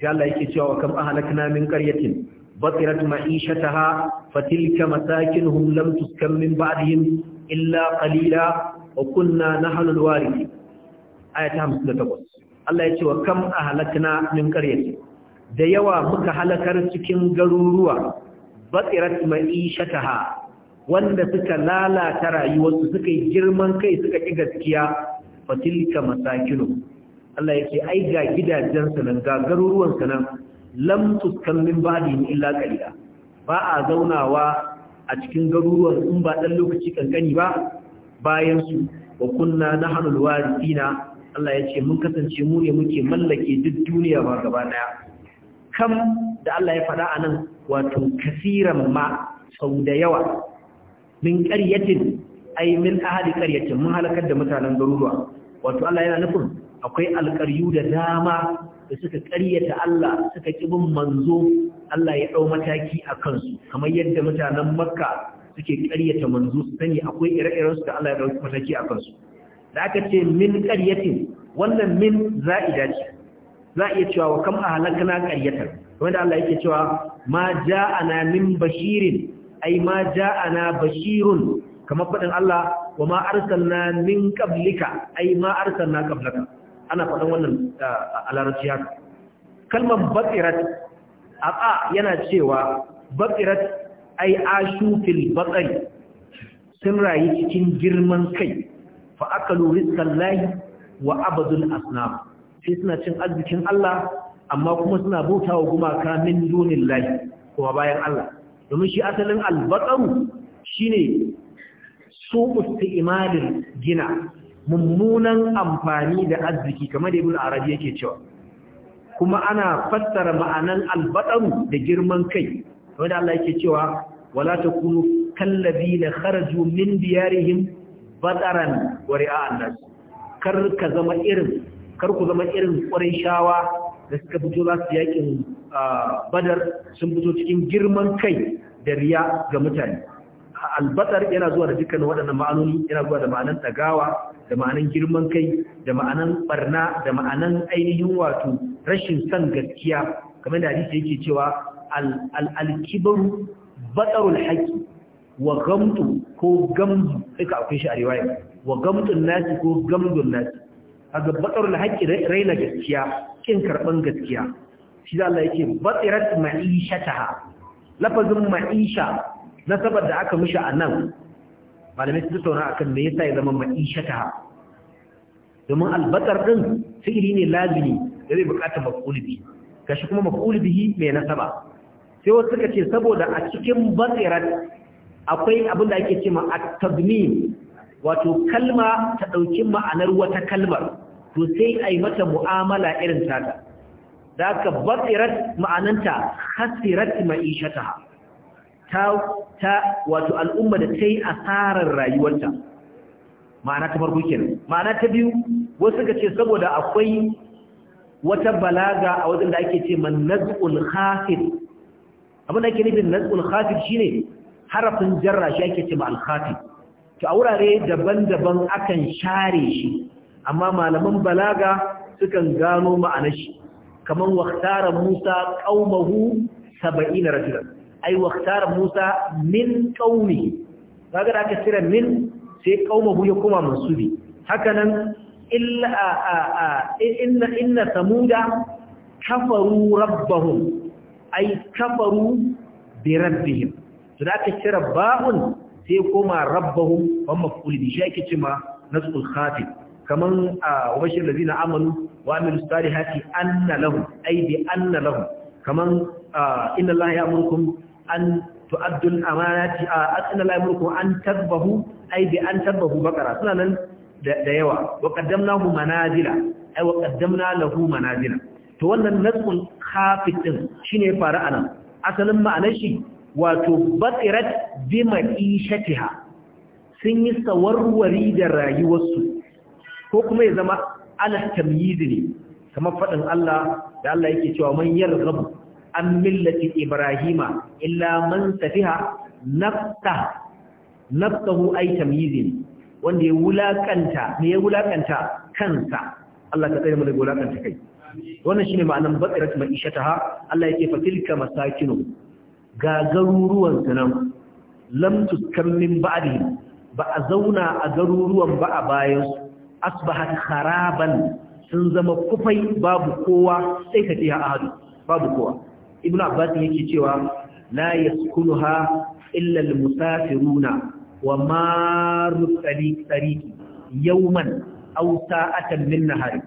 sai Allah yake cewa kam ahlakna min qaryatin batirat ma'ishataha fatilka masakinuhum lam tuskan min ba'dihim illa qalila wa kunna ayata 58 Allah ya ce wa kam ahlakna min qaryatin da yawa muka halakar cikin garuruwa batsirat ma'ishataha wanda suka lalata rayuwarsu suka yi girman kai suka ki gaskiya fatilka masakinu Allah yake ai ga sa nan ga sa nan lam tuskan min ba'di illa qalila ba a zaunawa a cikin garuruwan in ba dan lokaci kankani ba bayan su wa kunna nahnu alwarithina Allah yake mun kasance mu ne muke mallake duk duniya ba gaba daya kam da Allah ya faɗa anan wato kasiran ma sau da yawa min ƙaryatin ai min ahali ƙaryatin mun halakar da mutanen garuruwa wato Allah yana nufin akwai alƙaryu da dama da suka ƙaryata Allah suka kibin manzo Allah ya ɗau mataki a kansu kamar yadda mutanen makka suke ƙaryata manzo su sani akwai ire-irensu da Allah ya ɗau mataki a kansu da aka ce min ƙaryatin wannan min za'ida ce za a iya cewa wa kam a halakana ƙaryatar wanda Allah yake cewa ma ja ja'ana min bashirin ai ma ja ja'ana bashirun kamar faɗin Allah wa ma arsalna min qablika ai ma arsalna qablaka ana faɗin wannan ah, a larabci haka kalmar batirat aqa yana cewa batirat ai ashu fil batri sun rayu cikin girman kai fa akalu rizqallahi wa abadul asnam sai suna cin arzikin Allah amma kuma suna bautawa gumaka min dunin dunillahi kuma bayan Allah domin shi asalin shi shine su imanin gina mummunan amfani da arziki kamar da ibn arabi yake cewa kuma ana fassara ma'anan albaqaru da girman kai kamar da Allah yake cewa wala takunu kallazina kharaju min diyarihim bataran wa ri'a nas kar ka zama irin kar ku zama irin shawa da suka fito za su yakin badar sun fito cikin girman kai da riya ga mutane albatar yana zuwa da dukkanin waɗannan ma'anoni yana zuwa da ma'anan tagawa da ma'anan girman kai da ma'anan barna da ma'anan ainihin wato rashin son gaskiya kamar da hadisi yake cewa al-kibaru batarul wa gamtu ko akwai shi a riwaya wa gamtun nasi ko gamdun nasi a ga batsarul haƙƙi raina gaskiya kin karɓan gaskiya shi za Allah yake batsirat ma'ishataha lafazin ma'isha na da aka mishi a nan malamai su tauna akan me yasa ya zama ma'ishataha domin albatar ɗin fi'ili ne lazini da zai bukata maf'ul ga shi kuma maf'ul mai nasaba sai wasu suka ce saboda a cikin batsirat akwai abin da ake cewa at-tadmin wato kalma ta ɗauki ma'anar wata kalmar to sai a yi mata mu'amala irin tata da aka batsirat ma'ananta ma'anarta ma'ishata ta ta wato al'umma da ta yi asarar rayuwarta ma'ana ta farko kenan ma'ana ta biyu wasu ka ce saboda akwai wata balaga a wajen da ake ce man naz'ul khafid abin da ake nufin naz'ul khafid shine harafin jarra shi ake ce ma al khafid to a wurare daban-daban akan share shi amma malaman balaga sukan gano ma'anar shi kaman waqtara Musa qaumahu 70 rajulan ai waqtara Musa min qaumi kaga da aka tsira min sai qaumahu ya kuma mansubi haka nan illa inna inna samuda kafaru rabbahum ai kafaru bi rabbihim to da aka tsira ba'un sai koma rabbahum wa maf'ul bi shaki cima nasul khatif kaman a washir ladina amanu wa amilu salihati anna lahum ay bi anna lahum kaman inna allaha ya'murukum an tu'addu al-amanati inna allaha ya'murukum an tadbahu ay bi an tadbahu baqara suna nan da yawa wa qaddamnahu manazila ay wa qaddamna lahu manazila to wannan nasul khatif din shine fara anan asalin ma'anar shi wato batsirat bi ma'ishatiha sun yi sawarwari da rayuwarsu ko kuma ya zama ala tamyiz ne kamar faɗin Allah da Allah yake cewa man rabu, an millati ibrahima illa man safiha nafsa nafsahu ay tamyiz wanda ya wulakanta ne ya wulakanta kansa Allah ka tsare mu daga wulakanta kai wannan shine ma'anar batsirat ma'ishataha Allah yake fa tilka masakinu ga garuruwan nan lam tuskan min ba a zauna a garuruwan ba a bayan su asbahat kharaban sun zama kufai babu kowa sai ka tiya ahadu babu kowa ibnu abbas yake cewa la yaskunuha illa almusafiruna wa maru tariq tariqi yawman aw sa'atan min nahari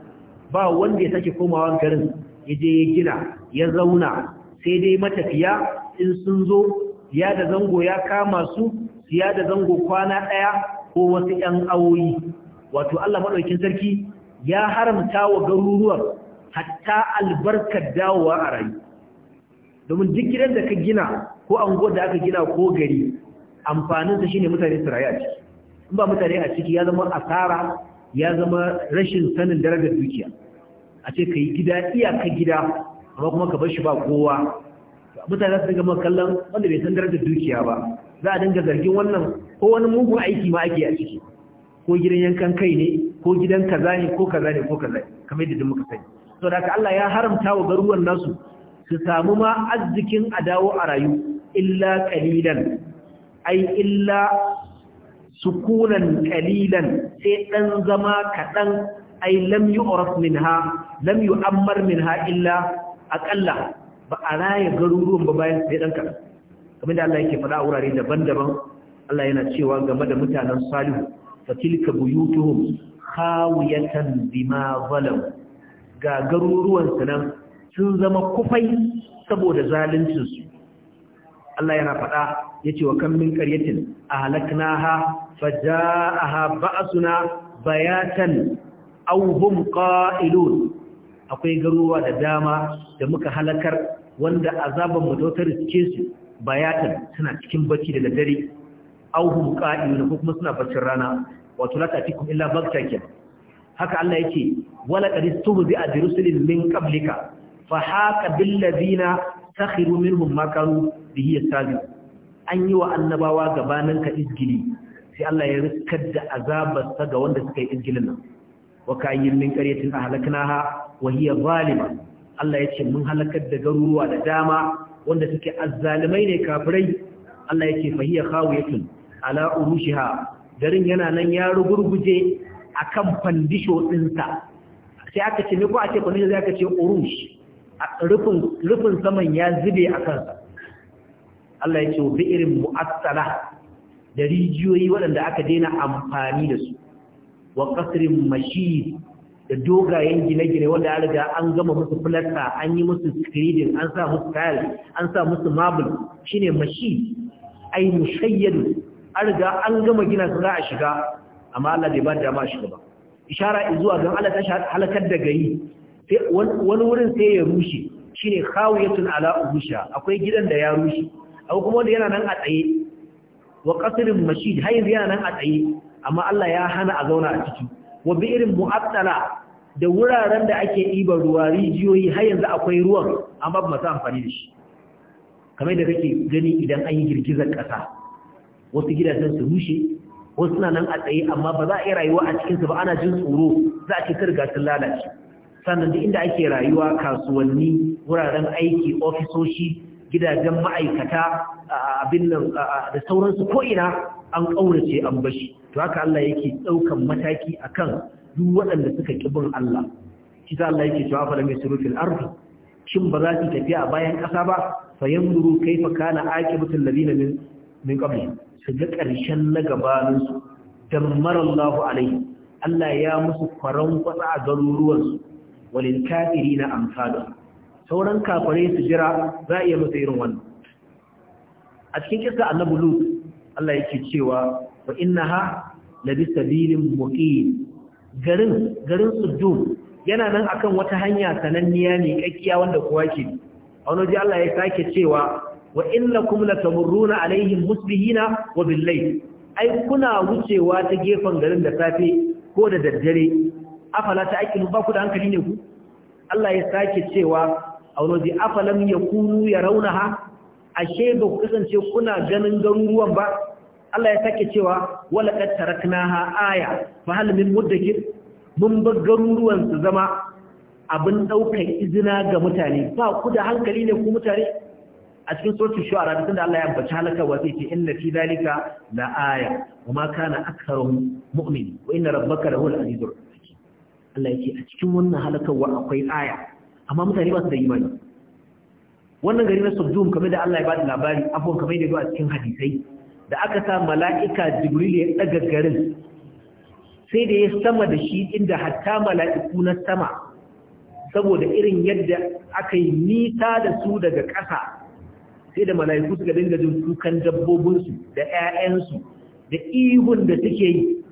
ba wanda ya sake komawa garin yaje ya gina ya zauna sai dai matafiya in sun zo ya da zango ya kama su ya da zango kwana ɗaya ko wasu ‘yan awoyi wato Allah maɗaukin sarki ya haramta wa garuruwan hatta albarkar dawowa a rayu domin duk gidan da ka gina ko anguwar da aka gina ko gari amfaninsa shine mutane su rayu a ciki in ba mutane a ciki ya zama asara ya zama rashin sanin darajar dukiya a ce ka yi gida iyaka gida amma kuma ka bar shi ba kowa mutane su dinga maka kallon wanda bai san darajar dukiya ba za a dinga zargin wannan ko wani mugun aiki ma ake a ciki ko gidan yankan kai ne ko gidan kaza ne ko kaza ne ko kaza kamar yadda muka sani saboda haka Allah ya haramta wa garuwan nasu su samu ma arzikin a dawo a rayu illa kalilan ai illa sukunan kalilan sai dan zama kadan ai lam yu'raf minha lam yu'ammar minha illa aqalla ba a raya garuruwan ba bayan sai ɗan kaɗan kamar da Allah yake faɗa a wurare daban-daban Allah yana cewa game da mutanen salihu fatilka buyutuhum khawiyatan bima zalam ga garuruwan su nan sun zama kufai saboda zaluncin su Allah yana faɗa yace wa kan min qaryatin ahlaknaha fajaaha ba'suna bayatan aw hum qa'ilun akwai garuruwa da dama da muka halakar wanda azabar mu suke su bayatan suna cikin bacci da dare auhum qa'ilun ko kuma suna baccin rana wato la ta'tikum illa bagta haka Allah yake wala qad istubi bi rusulin min qablika fa haqa bil ladina sakhiru minhum ma bihi yastabi an yi wa annabawa gabanin ka izgili sai Allah ya riskar da azabarsa ga wanda suka yi izgilin nan wa kayyin min qaryatin ahlaknaha wa hiya zalima Allah ya ce mun halakar da garuruwa da dama wanda suke azzalumai ne kafirai Allah ya ce fahiya khawiyatun ala urushiha garin yana nan ya rugurguje akan fandisho dinsa sai aka ce ne ko a ce fandisho zai aka ce urush rufin rufin saman ya zube a kansa Allah ya ce bi irin mu'assala da rijiyoyi waɗanda aka daina amfani da su wa qasrin mashid da dogayen gine-gine wanda an riga an gama musu filasta an yi musu screening an sa musu tile an sa musu marble shine mashi ai mushayyadu an riga an gama gina su za a shiga amma Allah bai ba da dama shiga ba ishara zuwa ga Allah ta halakar da gari wani wurin sai ya rushe shine khawiyatun ala ubusha akwai gidan da ya rushe akwai kuma wanda yana nan a tsaye wa qasrin mashid har yana nan a tsaye amma Allah ya hana a zauna a ciki wa bi'irin mu'attala da wuraren da ake ɗiban ruwa rijiyoyi har yanzu akwai ruwan amma ba masu amfani da shi kamar da kake gani idan an yi girgizar ƙasa wasu gidajen su rushe wasu suna nan a tsaye amma ba za a yi rayuwa a cikinsu ba ana jin tsoro za a ce ta riga sun lalace sannan duk inda ake rayuwa kasuwanni wuraren aiki ofisoshi gidajen ma'aikata abin nan da sauransu ko'ina an ƙaurace an bashi to haka Allah yake ɗaukan mataki akan duk waɗanda suka ƙi Allah shi Allah yake cewa fara mai surufin arfi shin ba za ki tafiya a bayan ƙasa ba fa yanzuru kaifa kana aqibatul ladina min min qabli su ga ƙarshen na gabanin su dammarallahu alaihi Allah ya musu kwaran kwatsa a garuruwan su kafiri na amsalu sauran kafirai su jira za a iya musu irin wannan a cikin kisa annabi lut Allah yake cewa fa innaha labi sabilin muqim garin garin Suddum yana nan akan wata hanya sananniya ne kakkiya wanda kowa ke a wani Allah ya sake cewa wa innakum latamurruna alaihim musbihina wa billayl ai kuna wucewa ta gefen garin da safe ko da daddare afala ta aikin ba ku da hankali ne ku Allah ya sake cewa a wani afalam yakunu yarawnaha ashe ba ku kasance kuna ganin garuruwan ba Allah ya sake cewa wala qad taraknaha aya fa hal min muddakir mun bar garuruwan su zama abin daukar izina ga mutane ba ku da hankali ne ku mutane a cikin sautin shu'ara da Allah ya ambaci halaka wa sai ce inna fi zalika la aya wa ma kana aktharuhum mu'min wa inna rabbaka lahu al-azizur hakim Allah yake a cikin wannan halakawa akwai aya amma mutane ba su da imani wannan gari na subdum kamar da Allah ya bada labari afwan kamar da ya a cikin hadisai da aka sa mala'ika jibril ya ɗaga garin sai da ya sama da shi inda hatta mala'iku na sama saboda irin yadda aka yi nisa da su daga ƙasa sai da mala'iku suka dinga jin kukan dabbobinsu da ‘ya'yansu da ihun da suke yi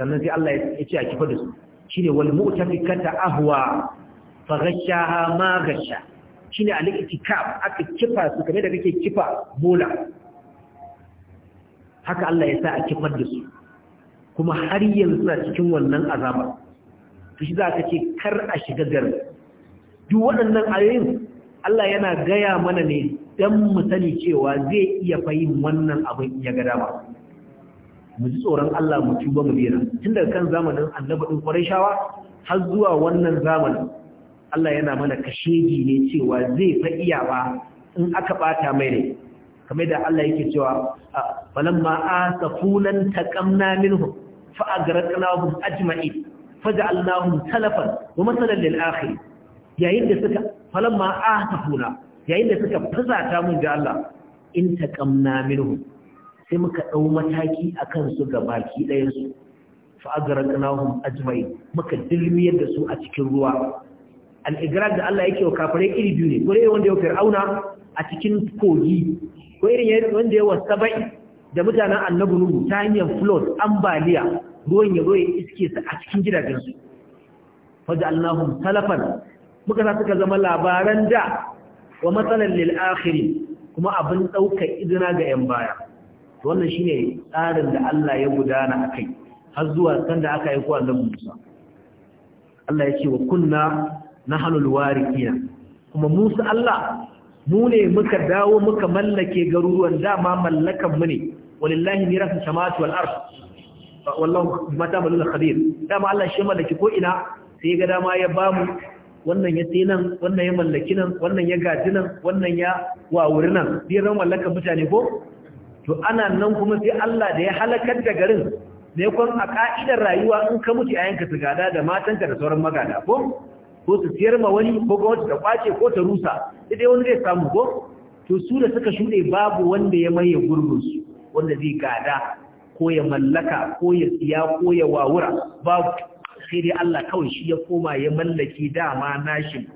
sannan sai Allah ya ce a kifa da su shi ne wani kata ahuwa ha magasha shi ne kaf aka kifa su kame da kake kifa bola haka Allah ya sa a kifar da su kuma har yanzu suna cikin wannan azaba to shi za ka ce kar a shiga garin duk waɗannan ayoyin Allah yana gaya mana ne don mu sani cewa zai iya fahim wannan abin ya ga dama mu ji tsoron Allah mu tuba mu dena tun daga kan zamanin annabi din Qurayshawa har zuwa wannan zamanin Allah yana mana kashegi ne cewa zai fa iya ba in aka ɓata mai ne kamar da Allah yake cewa falamma asafunan taqamna minhum fa agraqnahum fa faj'alnahum talafan wa masalan lil akhir yayin da suka falamma asafuna yayin da suka fusata mun da Allah in taqamna minhum sai muka dau mataki akan su gabaki ɗayan su fa agraqnahum ajma'i, muka dilmiyar da su a cikin ruwa al-igraq da Allah yake wa kafirai iri biyu ne gure wanda ya fir'auna a cikin kogi ko irin wanda ya wasa bai da mutanen annabi nuhu ta hanyar flood ambaliya ruwan ya zo ya iske su a cikin gidajensu faj'alnahum salafan muka sa suka zama labaran da wa matsalar lil akhirin kuma abin ɗaukar izina ga yan baya wannan shine tsarin da Allah ya gudana kai, har zuwa sanda aka yi ko annabi Musa Allah ya ce wa kunna na nahnu alwarithina kuma Musa Allah mu ne muka dawo muka mallake garuruwan dama mallakan mu ne walillahi mirasu samawati wal ardh wallahu bima ta'maluna khabir dama Allah shi mallaki ko ina sai ga dama ya bamu wannan ya sai nan wannan ya mallaki nan wannan ya gaji nan wannan ya wawuri nan sai ran mallakan mutane ko to ana nan kuma sai Allah da ya halakar da garin ne a ka'idar rayuwa in ka mutu yayanka su da matanka da sauran magada ko ko su siyar ma wani ko ga ta kwace ko ta rusa sai wani zai samu ko to su da suka shuɗe babu wanda ya maye gurbinsu wanda zai gada ko ya mallaka ko ya siya, ko ya wawura babu sai dai Allah kawai shi ya koma ya mallaki dama nashi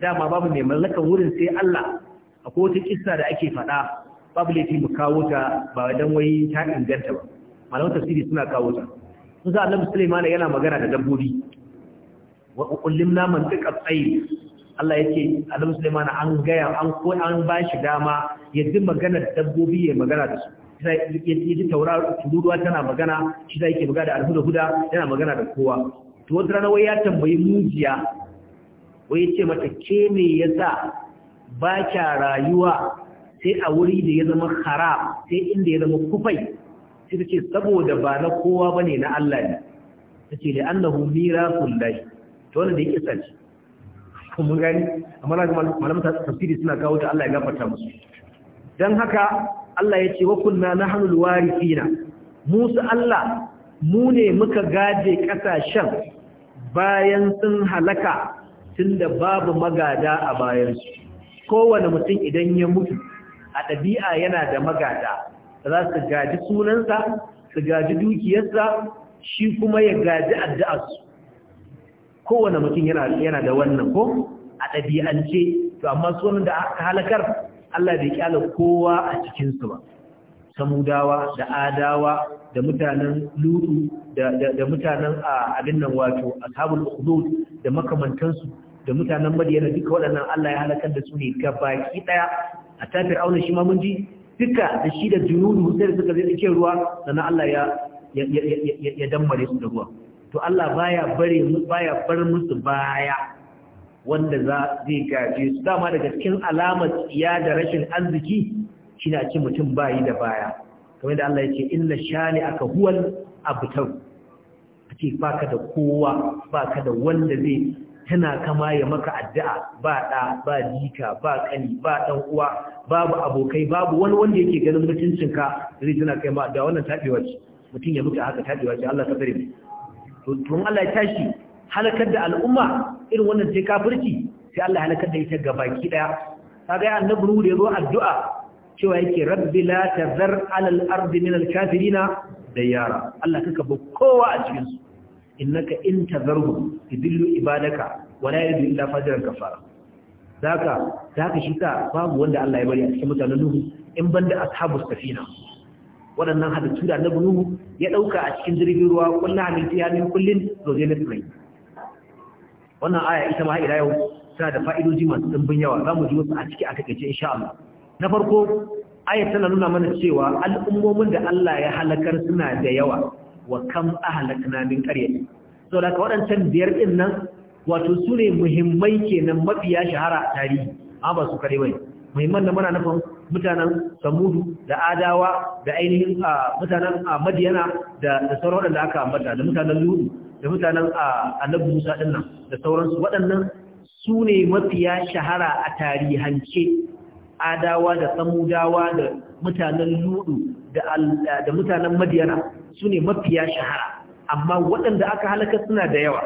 dama babu mai mallakan wurin sai Allah akwai wata kissa da ake faɗa babu laifi mu kawo ta ba dan wai ta inganta ba malaman tafsiri suna kawo ta Musa Annabi Sulaiman yana magana da dabbobi wa uqullimna man tiqa tsayi Allah yake Adam Sulaiman an gaya an ko an ba shi dama ya ji magana dabbobi ya magana da su sai ya ji tauraro turuwa tana magana shi da yake magana da alhuda huda yana magana da kowa to wata rana wai ya tambayi mujiya wai ya ce mata ke me yasa ba kya rayuwa sai a wuri da ya zama hara sai inda ya zama kufai sai ta ce saboda ba na kowa bane na Allah ne ta ce da annahu mirasul lahi to da yake sace kuma gani amma na malamin tafsiri suna kawo ta Allah ya gafarta musu dan haka Allah ya ce wa kunna nahnul warithina musu Allah mu ne muka gaje kasashen bayan sun halaka tunda babu magada a bayan su. kowane mutum idan ya mutu a ɗabi'a yana da magada za su gaji sunansa su gaji dukiyarsa shi kuma ya gaji addu'arsu kowane mutum yana da wannan ko a ɗabi'ance to amma sunan da aka halakar Allah bai kyala kowa a cikinsu ba samudawa da adawa da mutanen lutu da mutanen abin nan wato ashabul ukhdud da makamantansu da mutanen madiyana duka waɗannan Allah ya halakar da su ne baki daya a tafir auna shi ma mun ji duka da shi da junudu sai suka zai cikin ruwa sannan Allah ya ya dammare su da ruwa to Allah baya bare mu baya bar musu baya wanda za zai gaje su dama daga cikin alamar ya da rashin arziki shine a ce mutum bayi da baya kamar da Allah ya ce inna shani aka huwal abtar Ake baka da kowa baka da wanda zai tana kama ya maka addu'a ba ɗa ba jika ba ƙani ba ɗan uwa babu abokai babu wani wanda yake ganin mutuncinka zai tana kai ma da wannan tabewa ce mutum ya mutu haka tabewa ce Allah ka bari mu to tun Allah ya tashi halakar da al'umma irin wannan sai kafirci sai Allah halakar da ita gabaki ɗaya kaga ya annabi ruhu da yazo addu'a cewa yake rabbi la ta zar alal ardi min al da yara. Allah kaka ba kowa a cikin su naka, in tazarhu yudillu ibadaka wala yudillu illa fajiran kafara Za ka shi ka babu wanda Allah ya bari a cikin mutanen nuhu in banda ashabu safina waɗannan halittu da annabi nuhu ya ɗauka a cikin jirgin ruwa kullu hamilti ya min kullin zawjayn ithnayn wannan aya ita ma ila yau tana da fa'idoji masu dimbin yawa za mu ji wasu a ciki a takeice insha Allah na farko ayat tana nuna mana cewa al'ummomin da Allah ya halakar suna da yawa wa kam ahlakna min qaryah to da waɗancan biyar ɗin nan wato su ne muhimmai kenan mafiya shahara a tarihi amma ba su kare bai muhimman da muna nufin mutanen samudu da adawa da ainihin mutanen madiyana da sauran waɗanda aka ambata da mutanen lulu da mutanen annabi musa da sauransu waɗannan su ne mafiya shahara a tarihance adawa da samudawa da mutanen ludu da mutanen madiyana su ne mafiya shahara amma waɗanda aka halaka suna da yawa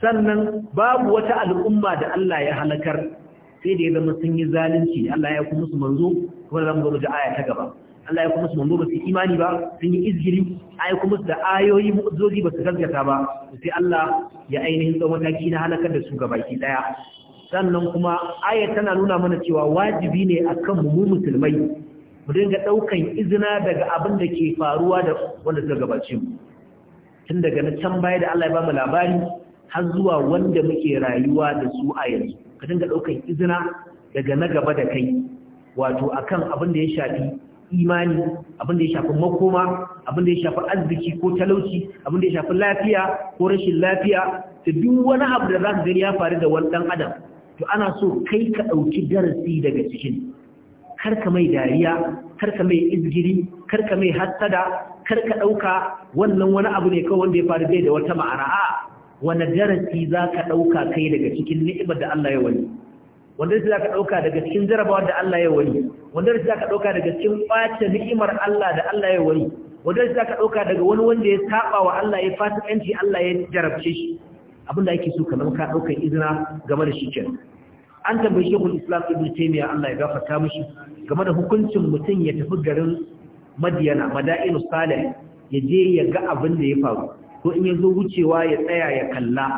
sannan babu wata al'umma da Allah ya halakar sai da ya zama sun yi zalunci Allah ya kuma su manzo kuma za mu zo aya ta gaba Allah ya kuma su manzo ba su imani ba sun yi izgiri ai kuma su da ayoyi mu'jizoji ba su gaskata ba sai Allah ya ainihin tsawon taki na halakar da su baki daya sannan kuma aya tana nuna mana cewa wajibi ne akan mu mu musulmai mu dinga daukan izina daga abin da ke faruwa da wanda suka gabace mu tun daga na can baya da Allah ya ba mu labari har zuwa wanda muke rayuwa da su a yanzu ka dinga ɗaukar izina daga na gaba da kai wato akan abin da ya shafi imani abin da ya shafi makoma abin da ya shafi arziki ko talauci abin da ya shafi lafiya ko rashin lafiya da duk wani abu da za ka gani ya faru da wani ɗan adam to ana so kai ka ɗauki darasi daga cikin kar ka mai dariya kar ka mai izgiri kar ka mai hassada kar ka ɗauka wannan wani abu ne kawai wanda ya faru da wata ma'ana a wani darasi za ka ɗauka kai daga cikin ni'imar da Allah ya wani wanda darasi za ka ɗauka daga cikin jarabawar da Allah ya wani wanda darasi za ka ɗauka daga cikin ɓace ni'imar Allah da Allah ya wani wanda darasi za ka ɗauka daga wani wanda ya saba wa Allah ya fasikanci Allah ya jarabce shi abin da ake so ka ka ɗaukar izina game da shi ke. an tambayi shekul islam ibn taymiya Allah ya gafarta mishi game da hukuncin mutum ya tafi garin madiyana madainu salih ya je ya ga abin da ya faru ko in ya wucewa ya tsaya ya kalla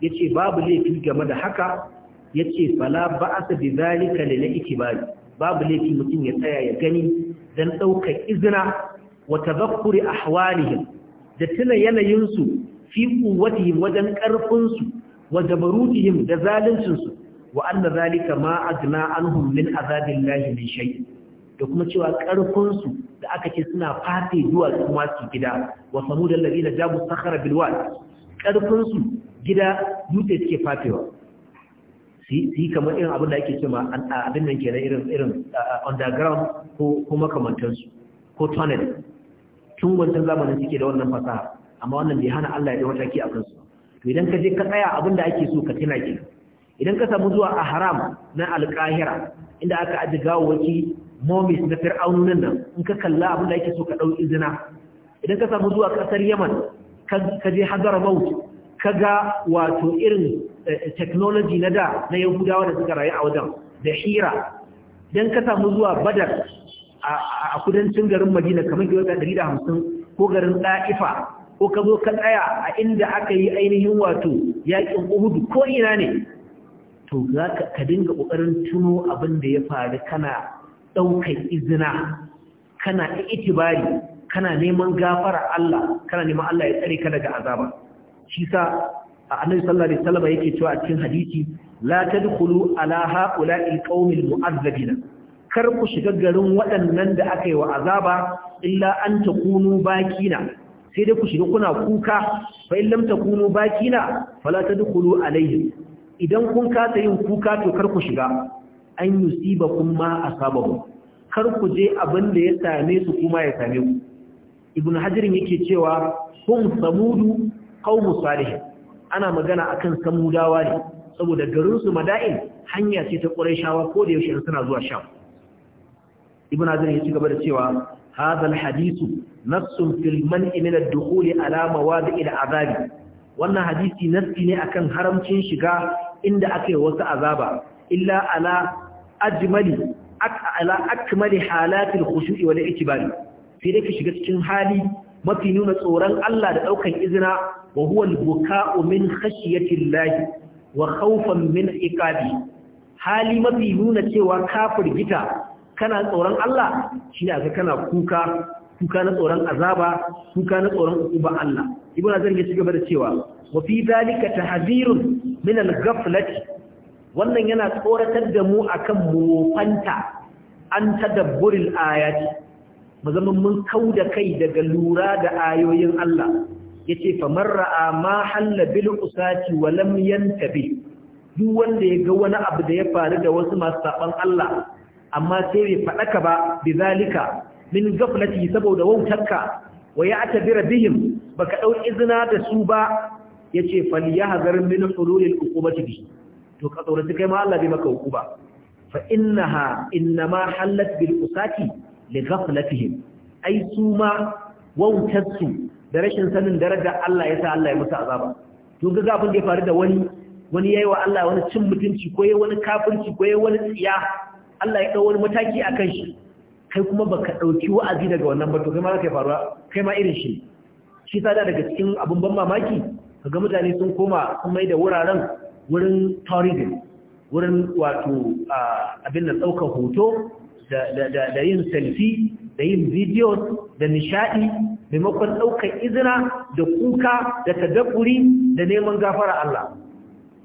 ya ce babu laifi game da haka ya ce fala ba a sabi zalika da na itibari babu laifi mutum ya tsaya ya gani don ɗaukar izina wata zakuri a hawalihim da tuna yanayinsu fi kuwatihim wajen ƙarfinsu wa jabarutihim da zaluncinsu wa anna zalika ma agna anhum min azabillahi min da kuma cewa ƙarfinsu da aka ce suna fafe duwatsu masu gida wa samu da lalina jamus sakara bilwal ƙarfinsu gida dutse suke fafewa su yi kamar irin abin da ake ce ma abin nan kenan irin irin underground ko makamantansu ko tunnel tun wancan zamanin suke da wannan fasaha amma wannan bai hana Allah ya da mataki a kansu to idan ka je ka tsaya abin da ake so ka tuna ke idan ka samu zuwa a haram na alƙahira inda aka ajiye gawawaki momis na fir'aunin nan in ka kalla abin da yake so ka ɗauki izina idan ka samu zuwa kasar yaman ka je hadar ka wato irin eh, technology na da na yahudawa da suka rayu a wajen da hira idan ka samu zuwa badar a kudancin garin madina kamar kilomita 150 ko garin ɗa'ifa ko ka zo ka tsaya a inda aka yi ainihin wato yakin uhudu ko ina ne to za ka dinga ƙoƙarin tuno abin da ya faru kana ɗaukar izina kana itibari kana neman gafara Allah kana neman Allah ya tsare ka daga azaba shi sa a annabi sallallahu alaihi wasallam yake cewa a cikin hadisi la tadkhulu ala haula'il qaumil mu'azzabina kar ku shiga garin waɗannan da aka yi wa azaba illa an takunu bakina sai dai ku shiga kuna kuka fa kunu takunu bakina fala tadkhulu alaihim idan kun kasa yin kuka to kar ku shiga an yusiba kuma asabahu kar ku je abin da ya same su kuma ya same ku ibn hajirin yake cewa hum samudu qaumu salih ana magana akan samudawa ne saboda garin su mada'in hanya ce ta shawa ko da yaushe suna zuwa sham ibn hajirin ya ci gaba da cewa hadha alhadith nafsun fil man'i min ad-dukhuli ala mawadi'il azabi wannan hadisi nafsi ne akan haramcin shiga inda akai wasu azaba illa ala ajmali ala akmali halatil khushu'i wal i'tibari sai dai ki shiga cikin hali mafi nuna tsoron Allah da daukan izina wa huwa al-buka'u min khashyati wa khawfan min iqabi hali mafi nuna cewa kafir gita kana tsoron Allah shine aka kana kuka kuka na tsoron azaba kuka na tsoron uba Allah ibnu azar ya ci gaba da cewa wa fi dhalika tahzirun min al-ghaflati wannan yana tsoratar da mu akan mufanta an tadabburil ayati mu zama mun da kai daga lura da ayoyin Allah yace faman ra'a ma halla bil usati wa lam yantabi duk wanda ya ga wani abu da ya faru da wasu masu saban Allah amma sai bai fadaka ba bizalika min gaflati saboda wautarka wa ya atabira bihim baka dau izina da su ba yace falyahzar min hululil uqubati bihi to ka tsoraci kai ma Allah bai maka hukuma fa innaha innama hallat bil usati li ghaflatihim ai suma wautar su da rashin sanin daraja Allah yasa Allah ya musu azaba to ga abin da ya faru da wani wani yayi wa Allah wani cin mutunci ko yayi wani kafirci ko yayi wani tsiya Allah ya dau wani mataki akan shi kai kuma baka dauki wa'azi daga wannan ba to kai ma kai faruwa kai ma irin shi shi sada daga cikin abun ban mamaki kaga mutane sun koma sun mai da wuraren wurin tourism wurin wato abin da ɗaukar hoto da yin selfie da yin videos da nishaɗi maimakon ɗaukar izina da kuka da tadabburi da neman gafara Allah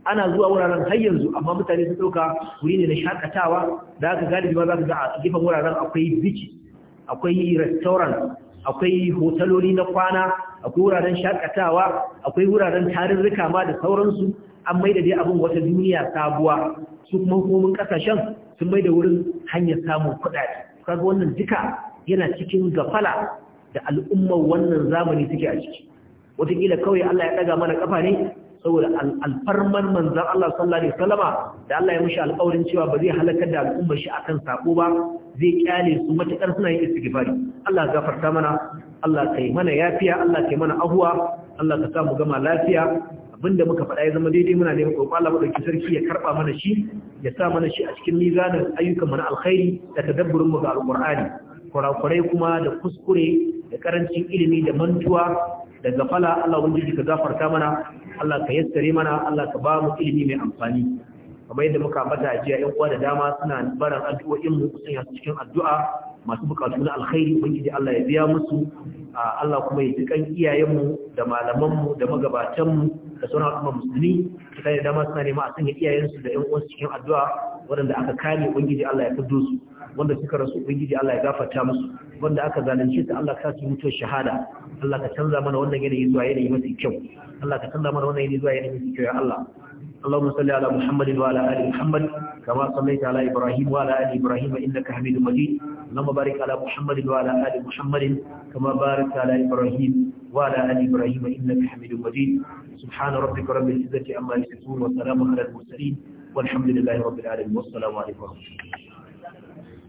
ana zuwa wuraren har yanzu amma mutane su ɗauka wuri ne na shakatawa da aka galibi ma za ga a gefen wuraren akwai biki akwai restaurant akwai hotaloli na kwana akwai wuraren shakatawa akwai wuraren tarurruka ma da sauransu an mai da dai abin wata duniya sabuwa su kuma hukumomin kasashen sun mai da wurin hanyar samun kuɗaɗe kaga wannan duka yana cikin gafala da al'ummar wannan zamani suke a ciki wataƙila kawai Allah ya ɗaga mana ƙafa ne saboda alfarman manzan Allah sallallahu Alaihi salama, da Allah ya mushi alƙawarin cewa ba zai halakar da al'ummar shi akan sako ba zai kyale su matuƙar suna yin istighfari Allah gafarta mana Allah yi mana yafiya Allah ka yi mana ahuwa Allah ka samu gama lafiya abinda muka faɗa ya zama daidai muna neman ƙoƙon Allah madauki sarki ya karɓa mana shi ya sa mana shi a cikin mizanin ayyukan na alkhairi da tadabburin mu ga alƙur'ani kurakurai kuma da kuskure da karancin ilimi da mantuwa da fala, Allah ubangiji ka gafarta mana Allah ka yassare mana Allah ka ba mu ilimi mai amfani kamar yadda muka ambata jiya 'yan uwa da dama suna barin addu'o'in mu sun yasu cikin addu'a masu bukatu na alkhairi ubangiji Allah ya biya musu Allah kuma ya ji kan iyayen mu da malaman mu da magabatan mu da sauran al'umma musulmi suka da dama suna nema a sanya iyayensu da 'yan uwansu cikin addu'a waɗanda aka kame ubangiji Allah ya fiddo su wanda suka rasu ubangiji Allah ya gafarta musu wanda aka zalunce su Allah ka su mutuwar shahada Allah ka canza mana wannan yanayi zuwa yanayi mafi kyau Allah ka canza mana wannan yanayi zuwa yanayi mafi kyau ya Allah اللهم صل على محمد وعلى ال محمد كما صليت على ابراهيم وعلى ال ابراهيم انك حميد مجيد اللهم بارك على محمد وعلى ال محمد كما باركت على ابراهيم وعلى ال ابراهيم انك حميد مجيد سبحان ربك رب العزه عما يصفون وسلام على المرسلين والحمد لله رب العالمين والسلام عليكم ورحمه الله